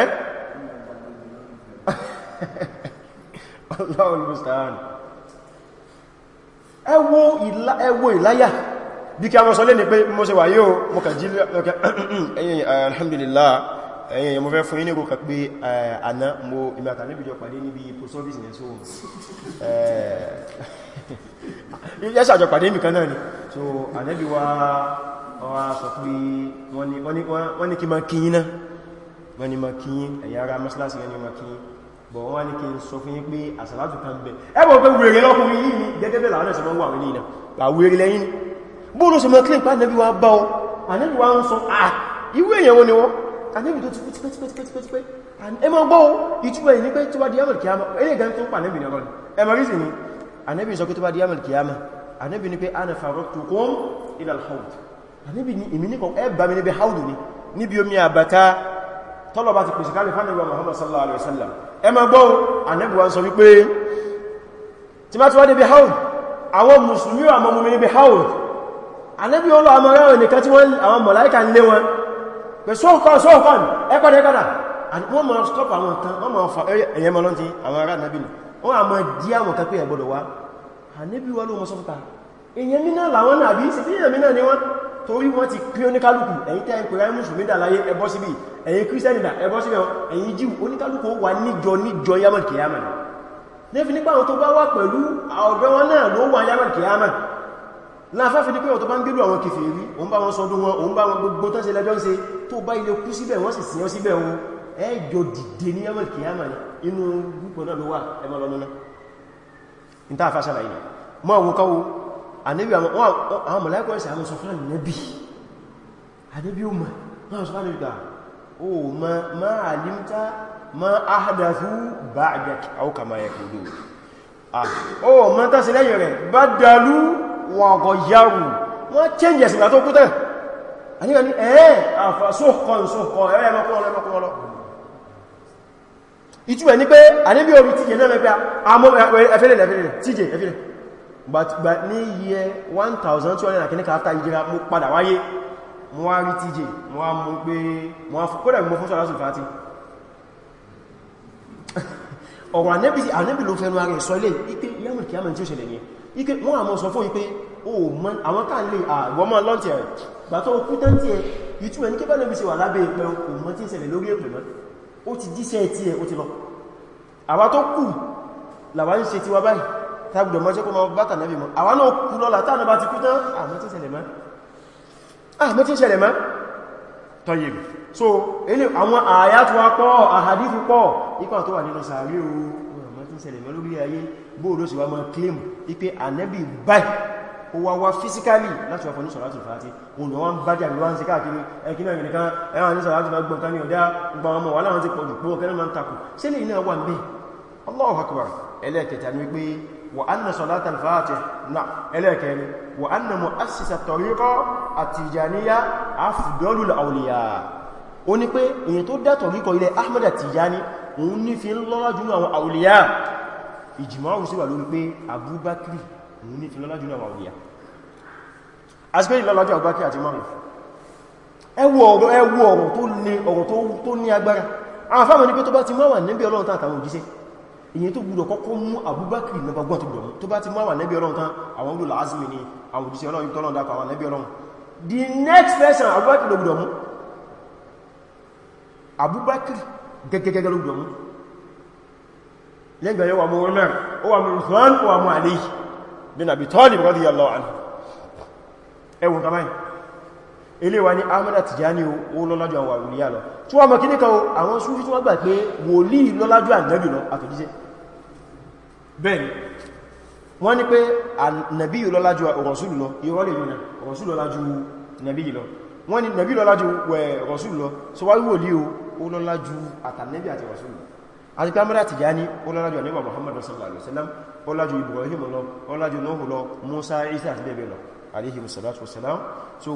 ẹ́ ọlọ́ọ̀lùmùsàn ẹwọ́ ìláyà bí kí a mọ́ sọ lé ní pé mọ́ sí wà yíò mọ́ kà jílẹ̀ ọkẹ́ ẹ̀yìn alhamdulillah ẹ̀yìn mọ́ fẹ́ fún inú kà pé àná mo ìmẹ́ àtàlébìjọ pàdé níbi post office nẹ́sọ́ yẹ́ sàjọ pàdé nìkan náà ni so ànẹ́bí wa ọwá sọ pé wọ́n ní kí ma kíyín náà wọ́n ní ma kíyín ẹ̀yà ara mọ́sílásì rẹ̀ ní ma kíyín bọ̀ wọ́n ní kí n sọ fún yín pé àsàlátù kan bẹ̀ ẹbọ̀ pé wèrè lọ́kùnrin yìí ni gẹ́gẹ́ bẹ̀ láwọn ẹ̀sẹ̀ mọ́ wà wílé ìnà bà wèrè lẹ́yìn bóòrò sí mọ́ kílìn pa ànẹ́bí wa bá ọ ànẹ́bí wa ń sọ à ìwé èèyàn wọn ni wọ́n ànẹ́bí tó ti pẹ́tipẹ́tipẹ́tipẹ́ ẹ mọ́ gbọ́ ìtúwẹ̀ ìní pé tí wá di ẹmọ̀ kí a mọ́ ẹlẹ́gẹ́ tó pà ànẹ́bí ni ọgọ́rin ẹmọ̀ rí sí ni ànábì sọ pé tó bá di yamal kiyama ànábì ní pé ana faraktukum ila al-hawd ànábì ní èmi ní kò ẹ bá mi ní bi hawd ni ní bi omi abata tolo bá ti pèsè kale fa nabi muhammad sallallahu alaihi wasallam ẹ má gbọ́ ànábì wá sọ wí pé tí ma ti wá dé bi hawd àwọn muslimi wa mo mi ní bi hawd ànábì olo amara o nìkan tí ará ànábì wọ́n àmọ́ dí àwọn kan pé ẹgbọ́dọ̀ wá ànẹ́bí wọ́n ló mọ́ sọ́fúta èyàn mínà làwọn náà bí sí fíyàn mínà ni wọ́n torí wọ́n ti pín oníkálùkù ẹ̀yin tẹ́ ìpìlẹ̀ mùsùlùmí dà láyé ẹbọ́ síbí ẹ̀yin kírísẹ́nì dà ẹbọ́ síbí ẹ̀yin jíù oníkálùkù wà níjọ níjọ yamal kìyàmà lẹ́fi nípa àwọn tó bá wà pẹ̀lú ọ̀dọ́ wọn náà ló wà inú gúpọ̀ náà ló wà ẹmọ lọ lọ́nà in ta fásà láyé mọ́ àwọn káwò ànẹ́bí àwọn mọ̀láìkọ́ ẹ̀sẹ̀ àwọn sọfán nẹ́bí ànẹ́bí o mọ̀ náà sọfán nẹ́bí gbà o ma alimta ma ahadathu ba'dak aw kama yaqulu o ma ta sí lẹ́yìn rẹ̀ badalu wa ghayyaru wọ́n changes ìgbà tó kú tẹ́ àníkà ní ẹ̀ẹ́ àfà sóhkọ́ sóhkọ́ ẹ̀ẹ́ mọ́kúnlọ́ mọ́kúnlọ́ ìtumẹ̀ ní pé àníbí orí tíjẹ náà mẹ́fẹ́ ẹfẹ́lẹ̀ ẹfẹ́lẹ̀ tíjẹ ẹfẹ́lẹ̀ gbà ní yẹ 1200 kìníkà after ìjẹra mú padà wáyé mú wá rí tíjẹ mú wá mú pé mú wá kódà mú fún sọ́lá sùfàtí ọ̀rọ̀ àníbí ló fẹ́nu ara ìsọ ilé ipé yàmù kí á mẹ́ tí ó ṣẹlẹ̀ ní ike wọ́n àmọ́ sọ fún ipé o mọ́ àwọn tàà lè àwọ́mọ́ lọ́ntì ẹ̀ gbàtọ́ okú tẹ́ntì ẹ̀ ìtumẹ̀ ní kébẹ̀lẹ́bí sí wà lábẹ́ ìpẹ́ òun mọ́ tí ń ṣẹlẹ̀ lórí èpè ó ti jíṣẹ́ ti ẹ̀ ó ti lọ àwa tó kù làwa ń ṣe ti wa báyìí tágbùdọ̀ mọ́ jẹ́ mọ́ bátà nẹ́bì mọ́ àwa náà kú lọ́la tánà bá ti kú tán àmọ́ tí ṣẹlẹ̀ mọ́ so ilé àwọn àyàtù wa pọ̀ àhàdífù pọ̀ ipa tó wà nínú sàárè o àmọ́ tí ṣẹlẹ̀ mọ́ lórí ayé bóòdó ó wá wá físíkálì láti wà fún ní sọ̀rọ̀ àtìfàtí òun wọ́n bá jà lọ́wọ́n sí káàkiri ẹ̀kínà ìrìnkan ẹ̀wọ̀n ní sọ̀rọ̀ àtìfàtí gbọ̀nkan ní ọ̀dá gbà ọmọ wà láwọn ti pọ̀ jù pé ọkẹ́rẹ́ máa ń takù sí ní iná wà ń bẹ́ ẹlẹ́ẹ̀kẹta ni pé òun ní filọ́lájú náà wàwíyà asìkò ìlọ́lájú àgbákí àti márùn ẹwọ ọ̀rọ̀ ẹwọ ọ̀rọ̀ tó ní ọ̀rọ̀ tó ní agbára àwọn fáwọn ní pé tó bá ti máwà nẹ́bí ọlọ́run tán àtàwọn òjíṣẹ́ ìyẹn tó gbúdọ̀ kọ́kọ́ mú Abubakar nọba gbọ́n tó gbọ́n tó bá ti máwà nẹ́bí ọlọ́run tán àwọn olùlọ azmi ni àwọn òjíṣẹ́ ọlọ́run tọ́lọ́run dákọ̀ àwọn nẹ́bí ọlọ́run the next person Abubakar ló gbúdọ̀ mú Abubakar gẹ́gẹ́gẹ́gẹ́ ló gbúdọ̀ mú lẹ́gbẹ̀ẹ́ wa mú Umar ó wà mú Uthman ó wà mú Aliyu bin Abi Talib radiyallahu anhu ẹwùn kàmáyì ilé wa ní Ahmada Tijani ó lọ́lájú àwọn àrùlíyà lọ tí wọ́n mọ̀ kí ní kan àwọn Sufi tí wọ́n gbà pé wòlíì lọ́lájú ànábì lọ àtòjíṣẹ́ bẹ́ẹ̀ni wọ́n ní pé ànábì lọ́lájú rọ̀súlù lọ ìrọ́lẹ̀ yìí rọ̀súlù lọ́lájú nàbí lọ wọ́n ní nàbí lọ́lájú rọ̀súlù lọ sọ wáyé wòlíì ó lọ́lájú àtànábì àti rọ̀súlù àti kámẹ́rà Tijani ọlájú àníwà Muhammad sallallahu alaihi wasallam ọlájú Ibrahim lọ ọlájú Nuhu lọ Musa Isa àti bẹ́ẹ̀ bẹ́ẹ̀ lọ alaihi salatu wasalam so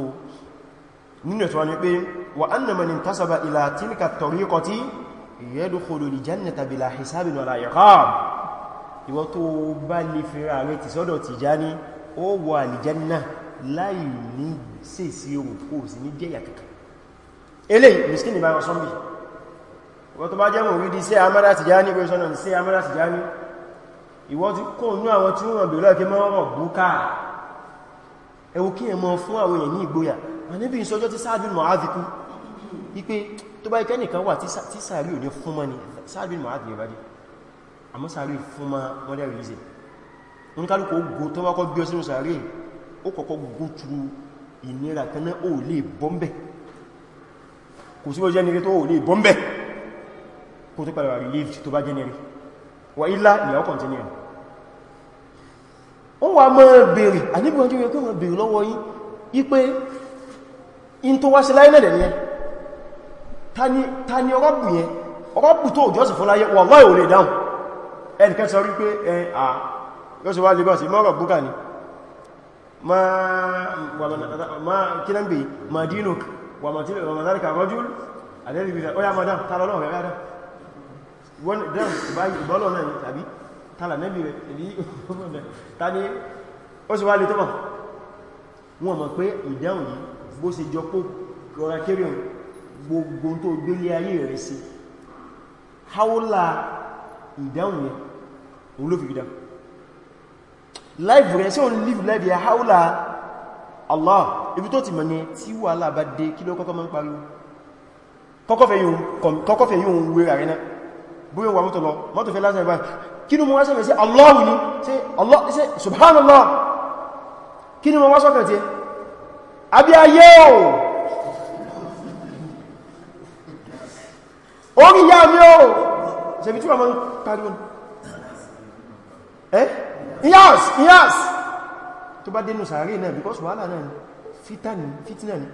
nínú ẹ̀tọ́ wani pé wa annama ni tasaba ila tilka tariqati yadkhulu li jannata bila hisabin wala iqab ìwọ tó bá lè fi ra rẹ̀ ti sọ́dọ̀ Tijani ó wà ìwọ́n tó bá jẹ́ mọ̀ rídi sí Ahmad Tijani gbẹ́sọ́nà sí Ahmad Tijani ìwọ́n ti kó ní àwọn tí wọ́n bèèrè ọ̀kẹ́ mọ́rọ̀ búkà ẹwù kí ẹmọ fún àwọn èèyàn ní ìgboyà àníbí ìṣọ́jọ́ tí sáàbìn Mu'adh kú wípé tó bá ikẹ́ nìkan wà tí sàárì ò ní fún mọ́ ni sáàbìn Mu'adh yẹ bájẹ́ àmọ́ sàárì fún mọ́ mọ́dẹ̀ ríze ń kálùkù ogun tó wákọ́ gbé sínú sàárì ó kọ̀kọ́ gùn tru ìnira kaná ó lè bọ́m̀bẹ̀ kò sí bó jẹ́ nire tó ó lè bọ́m̀bẹ̀ kó tó padà relieved tó bá jẹ́nìrí wà ilá ìyàwó continue ó wà mọ́ bèèrè àníbùn ọjọ́ yẹ́kọ́ bèèrè lọ́wọ́ yí ipé in tó wá sí láì mẹ́lẹ̀ yẹn ta ni ọ̀rọ̀bù yẹn ọ̀rọ̀bù tó òjò sì fún láyé wà láì ò dáhùn ẹnìkẹ́ sọ ma kínan ma dínú wà mà tí lè rọmọdárìkà rọ́jú àdẹ́lẹ́gbẹ̀ẹ́ ó yá wọ́n dán ìbọ́lọ̀ náà tàbí tààlà nẹ́bí rẹ̀ èdè ta ní ó sì wá lè tọ́mà wọ́n mọ̀ pé ìdáhùn yìí bó ṣe jọ pó rọra kéré gbogbo tó gbélé ayé rẹ̀ sí haúlà ìdáhùn yẹn òun ló fi ìdáhùn life rẹ̀ sí òun live life yẹ haúlà Allah ibi tó ti mọ̀ ní tí wà láàbá dé kí ló kọ́kọ́ mọ́ ń pariwo kọ́kọ́ fẹ́ yóò wé rà rẹ̀ náà bóyí wà mọ́tò lọ mọ́tò fẹ́ lásán ìbáyìí kí ní mo wá sẹ́fẹ̀ sí Allahu ní sí subhanallah kí ní mo wá sọ́kàn tí àbí ayé o orí ya mi o ṣebí tí wà mọ́ pariwo eh yes yes tó bá dénú sàárè náà because wàhálà náà fitani fitina ni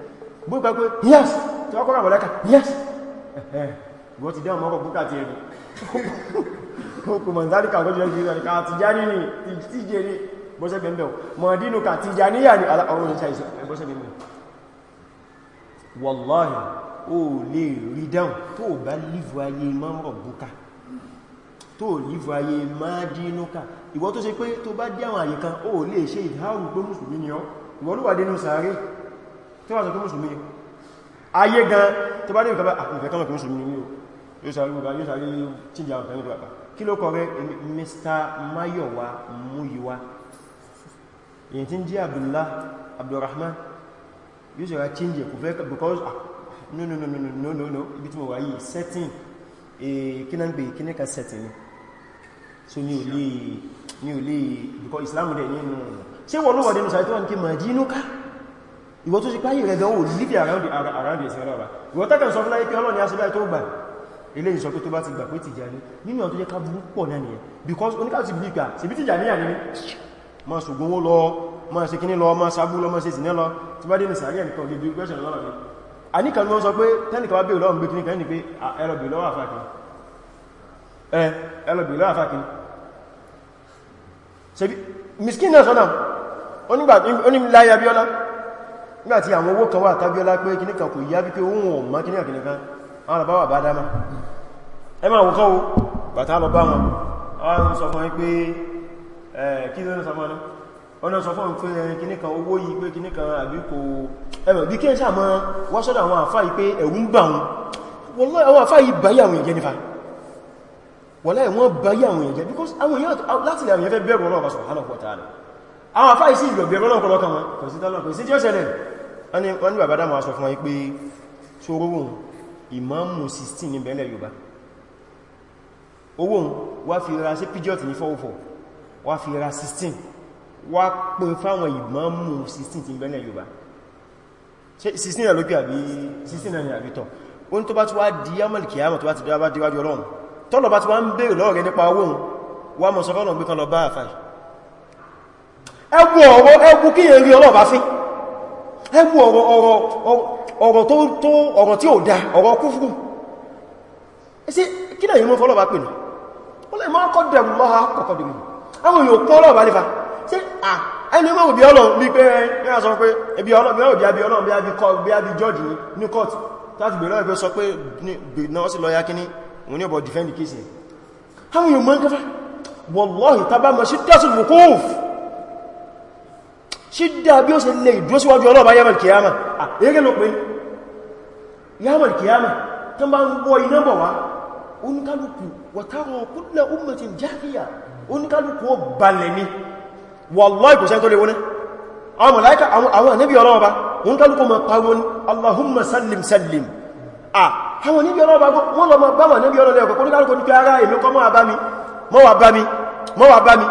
bó gbá pé yes tí wọ́n kọ́rọ̀ yes ẹ̀ẹ́ ìwọ́n ti dẹ́ ọmọ ọkọ̀ búkà ti ẹ̀rù kò mọ̀ ìzáríkà gọ́jọ́ ìzáríkà Tijani ní tíjẹ́ ní bọ́sẹ̀ bẹ̀m̀bẹ̀ mọ̀dínú ka Tijaniyya ní àwọn ìṣẹ́ ìṣẹ́ bọ́sẹ̀ bẹ̀m̀bẹ̀ wallahi ó lè rí dáun tó bá lífù ayé mọ́rọ̀ búká tó lífù ayé mádínúká ìwọ tó ṣe pé tó bá dí àwọn àyè kan ó lè ṣe ìdáhùn pé mùsùlùmí ni ọ́ ìwọ ló wà dénú sàárè tó wà sọ pé mùsùlùmí ayé gan tó bá dé ìfẹ́ kan mọ̀ pé ni yóò sáré gbogbo yóò sáré chíjà ọ̀tẹ́ ní pàpà Mr. Mayowa Muyiwa èyí tí ń Abdullah Abdurrahman yóò sáré kò fẹ́ because ah, no no no no no no no ibi tí mo wà yìí setting e, kí náà ń gbé kí ní ká setting ni so mi ò lè mi ò lè because Islam dẹ̀ nínú ṣé wọ́n ló wà nínú sáré tó wà ní kí Madinaka ìwọ tó ti páyì rẹ̀ gan-an ò lídì around the around the ìsinmi lọ́wọ́ ìwọ tẹ́kẹ̀ sọ fún láyé pé ọlọ́ni aṣọ́bá tó gbà ilé ìsọ pé tó bá ti gbà pé Tìjàní nínú ọ̀tọ́ jẹ́ ká burú pọ̀ náà nìyẹn because oníkà ti bí ìgbà sí bí Tìjàní yà nínú ma ṣògbówó lọ ma ṣe kíní lọ ma ṣàbú lọ ma ṣe ìsìnẹ́ lọ tí bá dé ní sàárì ẹnìkan lè bí kíní kan kò yá bí pé ohun ọ̀má kíní àkíní àwọn bàbá bá dámà ẹ máa wùkọ́ wo bàtà lọ bá wọn àwọn sọ fún pé kí ló ń sọ fún ọ̀nà sọ fún pé kíní kan owó yìí pé kíní kan àbí kò ẹ̀mọ̀ bí kí ẹ sáà mọ́ wọ́n sọ́dọ̀ àwọn àfá yìí pé ẹ̀rù ń bà wọn wallahi àwọn àfá yìí báyà àwọn èèyàn nífà wallahi wọ́n báyà àwọn èèyàn because àwọn èèyàn láti lè àwọn èèyàn fẹ́ bẹ̀rù Ọlọ́run subhanahu wa ta'ala àwọn àfá yìí sì ìlọ̀ bẹ̀rù Ọlọ́run kọlọ́kan wọn kò sí tọ́lọ́ kò sí tí ó ṣẹlẹ̀ wọ́n ni bàbá dámọ̀ sọ fún wọn pé ṣorúwùn ìmáàmù 16 ní bẹ̀lẹ̀ Yorùbá owó wá fi ra sí píjọ́tì ní 404 wá fi ra 16 wá pín fáwọn ìmáàmù 16 ti bẹ̀lẹ̀ Yorùbá 16 náà lókè àbí 16 náà ni àbítọ̀ ó ní tó bá ti wá di yamal kìyàmà tó bá ti dábá díwájú Ọlọ́run tọ́lọ̀ bá ti wá ń bèèrè lọ́rọ̀ rẹ nípa owó wá mọ̀ sọ fọ́lọ̀ gbé kan lọ bá àfáì ẹgbù ọ̀rọ̀ ẹgbù kíyàn rí Ọlọ́run fín ẹwú ọ̀rọ̀ ọ̀rọ̀ ọ̀rọ̀ tí ó dá ọ̀rọ̀ kúfúrú ẹsẹ́ kí náà yìí mọ́ fọ́lọ́bà pè náà ó lè máa kọ́ dẹ̀mù máa kọ̀kọ́ dẹ̀mù àwọn èèyàn pọ́ ọlọ́ọ̀bá nífà sí ẹni mọ́ òbí ọlọ́run bí pé ẹ̀yà sọ pé ẹbí ọlọ́run bí abí ọlọ́run bí abí jọ́ọ̀jì ní court láti bèèrè ẹgbẹ́ sọ pé náà sí lọ́yá kíní òun ní ọbọ̀ defend the case yẹn àwọn èèyàn mọ́ ń kẹfà wallahi tàbá mọ̀ sí tẹ́sùn mùkúf ṣídà bí ó ṣe lè ìdúró síwájú ọlọ́ọ̀bá yamal kiyama ẹgẹ́ ló pé yamal kiyama tó bá ń bọ́ iná bọ̀ wá oníkálùkù wàtàrà kulla ummatin jáfíyà oníkálùkù ó balẹ̀ ní wallahi kò sẹ́ntó lè wọ́n àwọn màláíkà àwọn ànábì ọlọ́ọ̀bá oníkálùkù ma pariwo ní allahumma sallim sallim àwọn níbi ọlọ́ọ̀bá wọ́n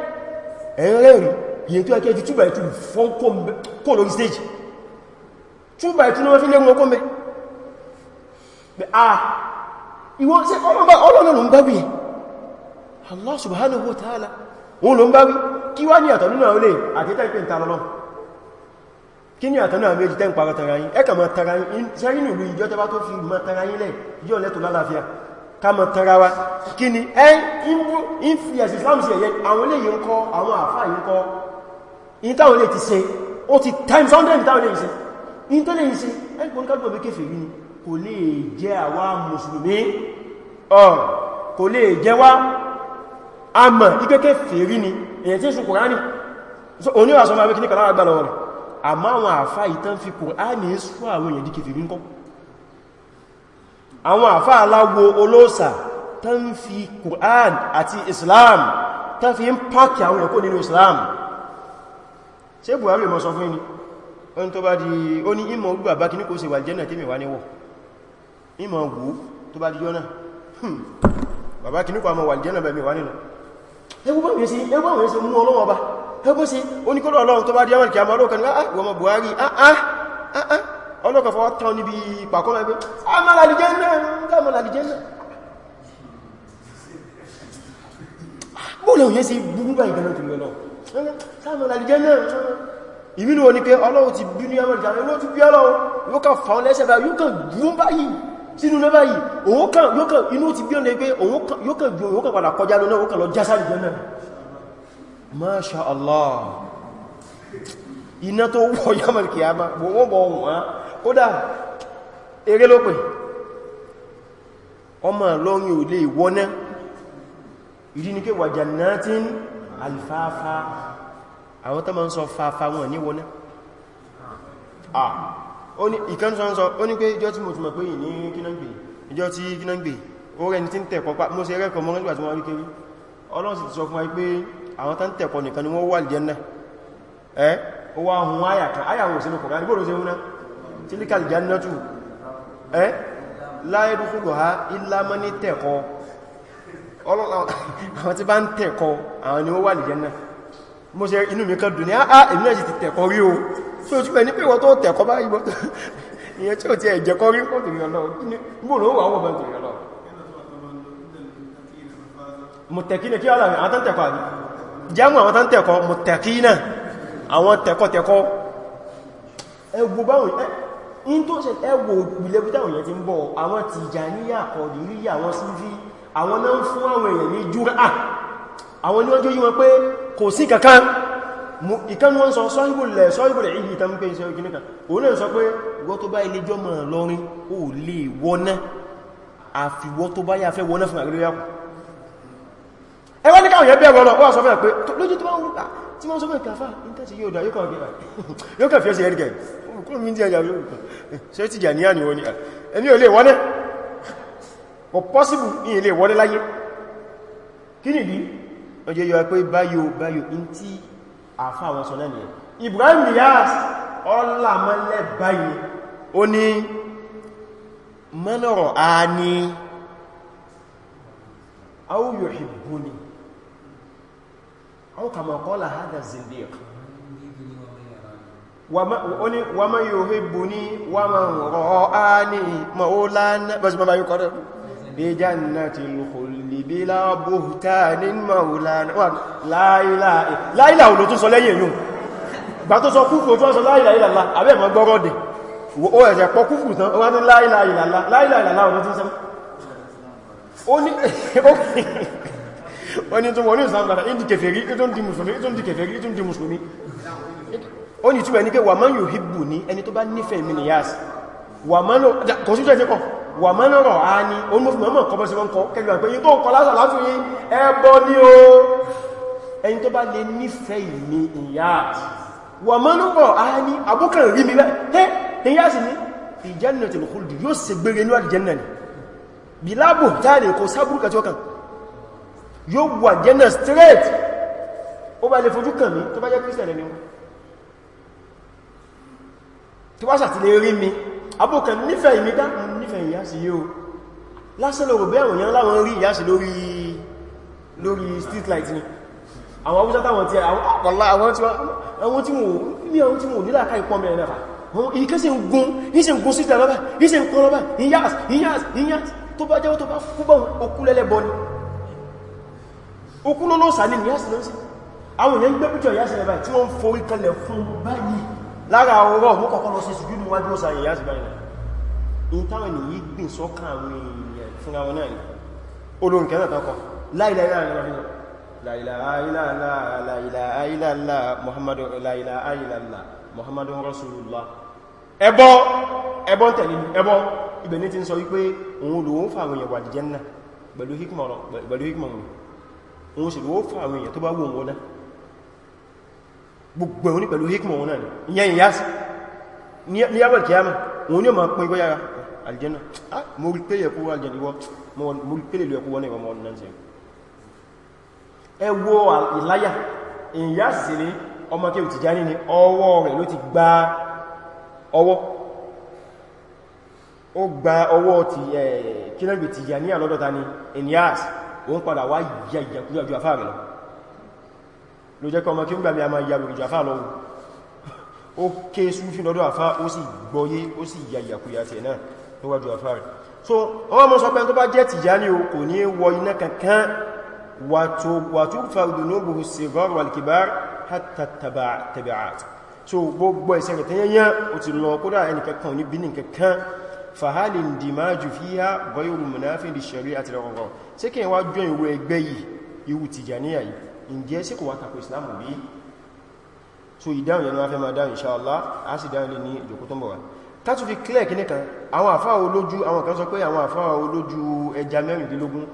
ẹ̀yìn rẹ̀rí yìí tó ẹkẹ́ di 2 by 2 fún kó lórí stage 2 by 2 ló ah ìwọ sí ọlọ́nà Allah subhanahu wa ta'ala wọn ló ń bá bí kí wá ní àtọ̀ nínú àwọn olè àtẹ́tẹ́ ìpín ta lọ́lọ́ kí ní àtọ̀ náà méjì tẹ́ ń parọ́ tara yín ẹkà mọ́ tara yín sẹ́yìn ìlú ìjọ́ tẹ́bá tó fi mọ́ tara lẹ́ yíò lẹ́tọ̀ lálàáfíà kama tanra wa kí ni ẹ ń fi ẹ̀sì islam sí ẹ̀yẹ àwọn ilé yìí ń kọ́ àwọn àfáà yìí ń kọ́ in táwọn ilé ti ṣe ó ti times 100 táwọn ilé yìí ṣe in tó lè yìí ṣe ẹgbùn kágbọ̀ bí kéfèé ní kò lè jẹ́ àwa mùsùlùmí ọ̀ kò lè jẹ́ wá àmà ikẹ́kẹ́ fèrí ni èyàn tí ń sun kòránì oníwàsọ́mọ́ abẹ́kíníkà lára gbà lọ́wọ́ àwọn àfá aláwo olóòsà tó ń fi Qur'an àti Islam tó fi ń pàkì àwọn ẹ̀kọ́ nínú Islam ṣe Buhari mọ́ sọ fún ní ohun tó bá di ó ní ìmọ̀ ogun àbá kìíní kò ṣe wà jẹ́nà tí mi wá níwọ̀ ìmọ̀ ogun tó bá di jọ́nà hmm. bàbá kìíní kò àmọ̀ wà jẹ́nà bẹ̀ mi wá nínú ẹgbọ́n mi sí ẹgbọ́n mi sí mú ọlọ́wọ́ bá ẹgbọ́n sí oníkọ́lọ́ ọlọ́run tó bá di ẹwọ̀n kìí àmọ́ ọlọ́kan ọlọ́kọ̀ fọwọ́ tán níbi ìpàkọ́ ẹgbẹ́ amàlàlìjẹ́nà amàlàlìjẹ́nà bóòlẹ̀ òyẹ́ sí gbogbo bá ìgbẹ̀nà tó lọ amàlàlìjẹ́nà ìmìnú wọn ni pé ọlọ́run ti bí ní amàlìjẹ́nà ló ti bí ọlọ́run yóò kàn fàún lẹ́sẹ̀ bá yóò kàn gún báyìí sínú náà báyìí òun kàn yóò kàn inú ti bí ọ̀nà pé yóò kàn gún òun kàn padà kọjá lọ náà ó kàn lọ jásá ìjẹ́nà Masha Allah iná tó wọ́ yàmàlì kìí kódà eré ló pè ọmọ lọ́rin ò lè wọ́ná ìdí ni pé wà jannatin alfáfá àwọn tó ma ń sọ fáfá wọn ní wọ́ná ìkẹ́nsọ́nsọ́ ó ní pé ìjọ tí mo ti mọ̀ pé yìí ní kínàgbè ìjọ tí kínàgbè ó rẹ̀ ní tí ń tẹ̀kọ́ pa mo ṣe rẹ́kọ̀ mọ́ nígbà tí wọ́n rí kéré ọlọ́run sì ti sọ fún wa pé àwọn tán tẹ̀kọ́ nìkan ni wọ́n wà lẹ́nà ẹ́ ó wá hun áyà kan áyà wọn ò sínú kọ̀ọ̀kan nígbò ló ṣe hún náà tilkal jannatu ẹ́ eh? la yadkhuluha illa man ittaqa àwọn tí bá ń tẹ̀kọ́ àwọn ni ó wà ní Janna mo ṣe inú mi kan dùn ní àà èmi náà sì ti tẹ̀kọ́ rí o tí ó túnbẹ̀ ní pé wọ́n tó tẹ̀kọ́ bá ìwọ́n tó ìyẹn tí ó ti ẹ̀jẹ̀kọ́ rí pọ̀ tèmi ọlọ́run in tó ṣe ẹwò ìlẹ́bítà òyìn ti ń bọ̀ àwọn Tìjàníyà Kọ̀dìríyà àwọn Súfí àwọn náà ń fún àwọn èèyàn ní jùrà àwọn níwájú yí wọn pé kò sí kankan ìkan wọn sọ sọ́yìnbòlẹ̀ sọ́yìnbòlẹ̀ ìhì tán pé iṣẹ́ ògínìkà òun náà sọ pé ìwọ tó bá ilé jọmọ̀ lọrin ó lè wọná àfiwọ́ tó bá yá fẹ́ wọná fún àgbẹ̀rẹ̀ ẹwọ́n ní káwọn yẹ bí ẹgbọ́n lọ wọ́n sọ fẹ́ pé lójú tó bá ń sọ fẹ́ kàfà ní tẹ́sí yóò dá kó mi jẹ́ ìyàwó ṣe ti jà ní àníwọ́ ni ẹni ò lè wọ́nẹ́ kò possible ní ilé wọ́nẹ́ láyé kí nìdí ọjọ́ yọ pé báyò báyò in tí àfá àwọn sọ lẹ́nìyàn Ibrahim Niyas ọlámọ́lẹ̀ báyìí ó ní mọ́nàrọ̀ a ní aw yuhibbuni aw kama qala wàmá yóò hébù ní wàmá rọ̀ á ní maulana bọ́sí ma bá yóò kọ́rọ̀ bí jannati lùkùnlì bí lábòhútà ní maulana wà láìlà olò tó sọ lẹ́yìn yóò gbà tó sọ kúfù tó sọ láìlà ìlàlá ó ní túnmẹ̀ ní pé wà mọ́ yóò hìbù ní ẹni tó bá nífẹ̀ẹ́ mi ni yáàsì wà mọ́ lọ́rọ̀ a ní onímọ̀fìmọ̀ kọbọ̀ sí wọn kọ kẹjọ pé yìí tó kọ lásà láfún yí ẹbọ ní o ẹni tó bá lè nífẹ̀ẹ́ mi ìyáàsì wà mọ́ lọ́rọ̀ a ní abúkàn rí mi lẹ́ ó bá lè fojú kàn mí tó bá jẹ́ kírísẹ̀ lẹ́ni wọn tó bá ṣàtìlé rí mi abúkan nífẹ̀ẹ́ ìmídá nífẹ̀ẹ́ ìyásí yóò lásẹ̀lẹ̀ òbí àwọn èèyàn láwọn rí ìyásí lórí lórí street light ni àwọn abúsá táwọn tí àwọn tí wọ́n nílà ká ìpọ́ mẹ́rin náà ìkẹ́ sí gún ìsìn gún sí ìtàlọ́bà ìsìn kún lọ́bà ìyás ìyás ìyás tó bá jẹ́wọ́ tó bá fúbọ̀ okú lẹ́lẹ́bọ ni okú lọ́lọ́sà ní ìyásí lọ́sí àwọn èèyàn gbẹ́bùjọ ìyásí lẹ́bà tí wọ́n forí kalẹ̀ fún lára ọwọ́ mú kọ̀kọ́ lọ sí sùjúdù wájú ọ̀sà ìyá ti báyìí in táwọn ènìyàn gbìn sọ́kàn àwọn èèyàn fún àwọn náà ni olóhùn kẹta kankan láìláìlá láìláìlá muhammadu láìláìlá muhammadu rasulullah ẹbọ ẹbọ tẹ̀lé ẹbọ ibẹ̀ ní ti ń sọ wípé òun lòun fàwọn èèyàn wà jẹ́ náà pẹ̀lú hikmọ̀ òun sì lòun fàwọn èèyàn tó bá wù wọn náà gbogbo ẹ̀wọ́n ní pẹ̀lú hikmọ̀ wọn náà ìyẹn ìyá sí ní yàwọ̀l kìyàmà wọn ni o ma pín gbọ́yára aljanna ah, mo rí pé yẹ̀kú aljanna ìwọ mo rí pé lè lẹ́kú wọn ìwọ̀n náà sí ẹ wo ìláyà ìyá sí ní ọmọ kí o ti jáni ní ọwọ́ rẹ̀ ló ti gba ọwọ́ ó gba ọwọ́ ti eh, ni ìníyàs òun padà wá yà ìyàkúyà ju afáàrẹ̀ ló jẹ́ kọmọ kí ń gbàmí a máa yàrù ìjà fà lọ́wọ́ ó ké súnfí lọ́dọ̀ àfá ó sì gbọ́yé ó sì yàyàkúyà tẹ̀ náà níwájú àfá rẹ̀ so ọwọ́ mọ́ sọ pé tó bá jẹ́ Tìjàní o kò ní wọ iná kankan wàtó fàdùnúbù sigar wal kibar hatta tabi'at so gbogbo ẹ̀ṣẹ̀ rẹ̀ tẹ́yẹnyẹ ó ti lọ kódà ẹnìkankan ní bíní kankan fàhálì ndìmájú fiha ghayru munafin li shari'ati àti ọ̀rọ̀ sí kí wá jọ ìwé ẹgbẹ́ yìí iwu Tìjàníyà yìí ǹjẹ́ sí kò wá tako islam bí so ìdáhùn yẹn wá fẹ́ máa dáhùn inṣáàlá a sì dáhùn lè ní ìjòkó tó ń bọ̀ wá tátù fi clear kí nìkan àwọn àfáà olójú àwọn kan sọ pé àwọn àfáà olójú ẹja mẹ́rìndínlógún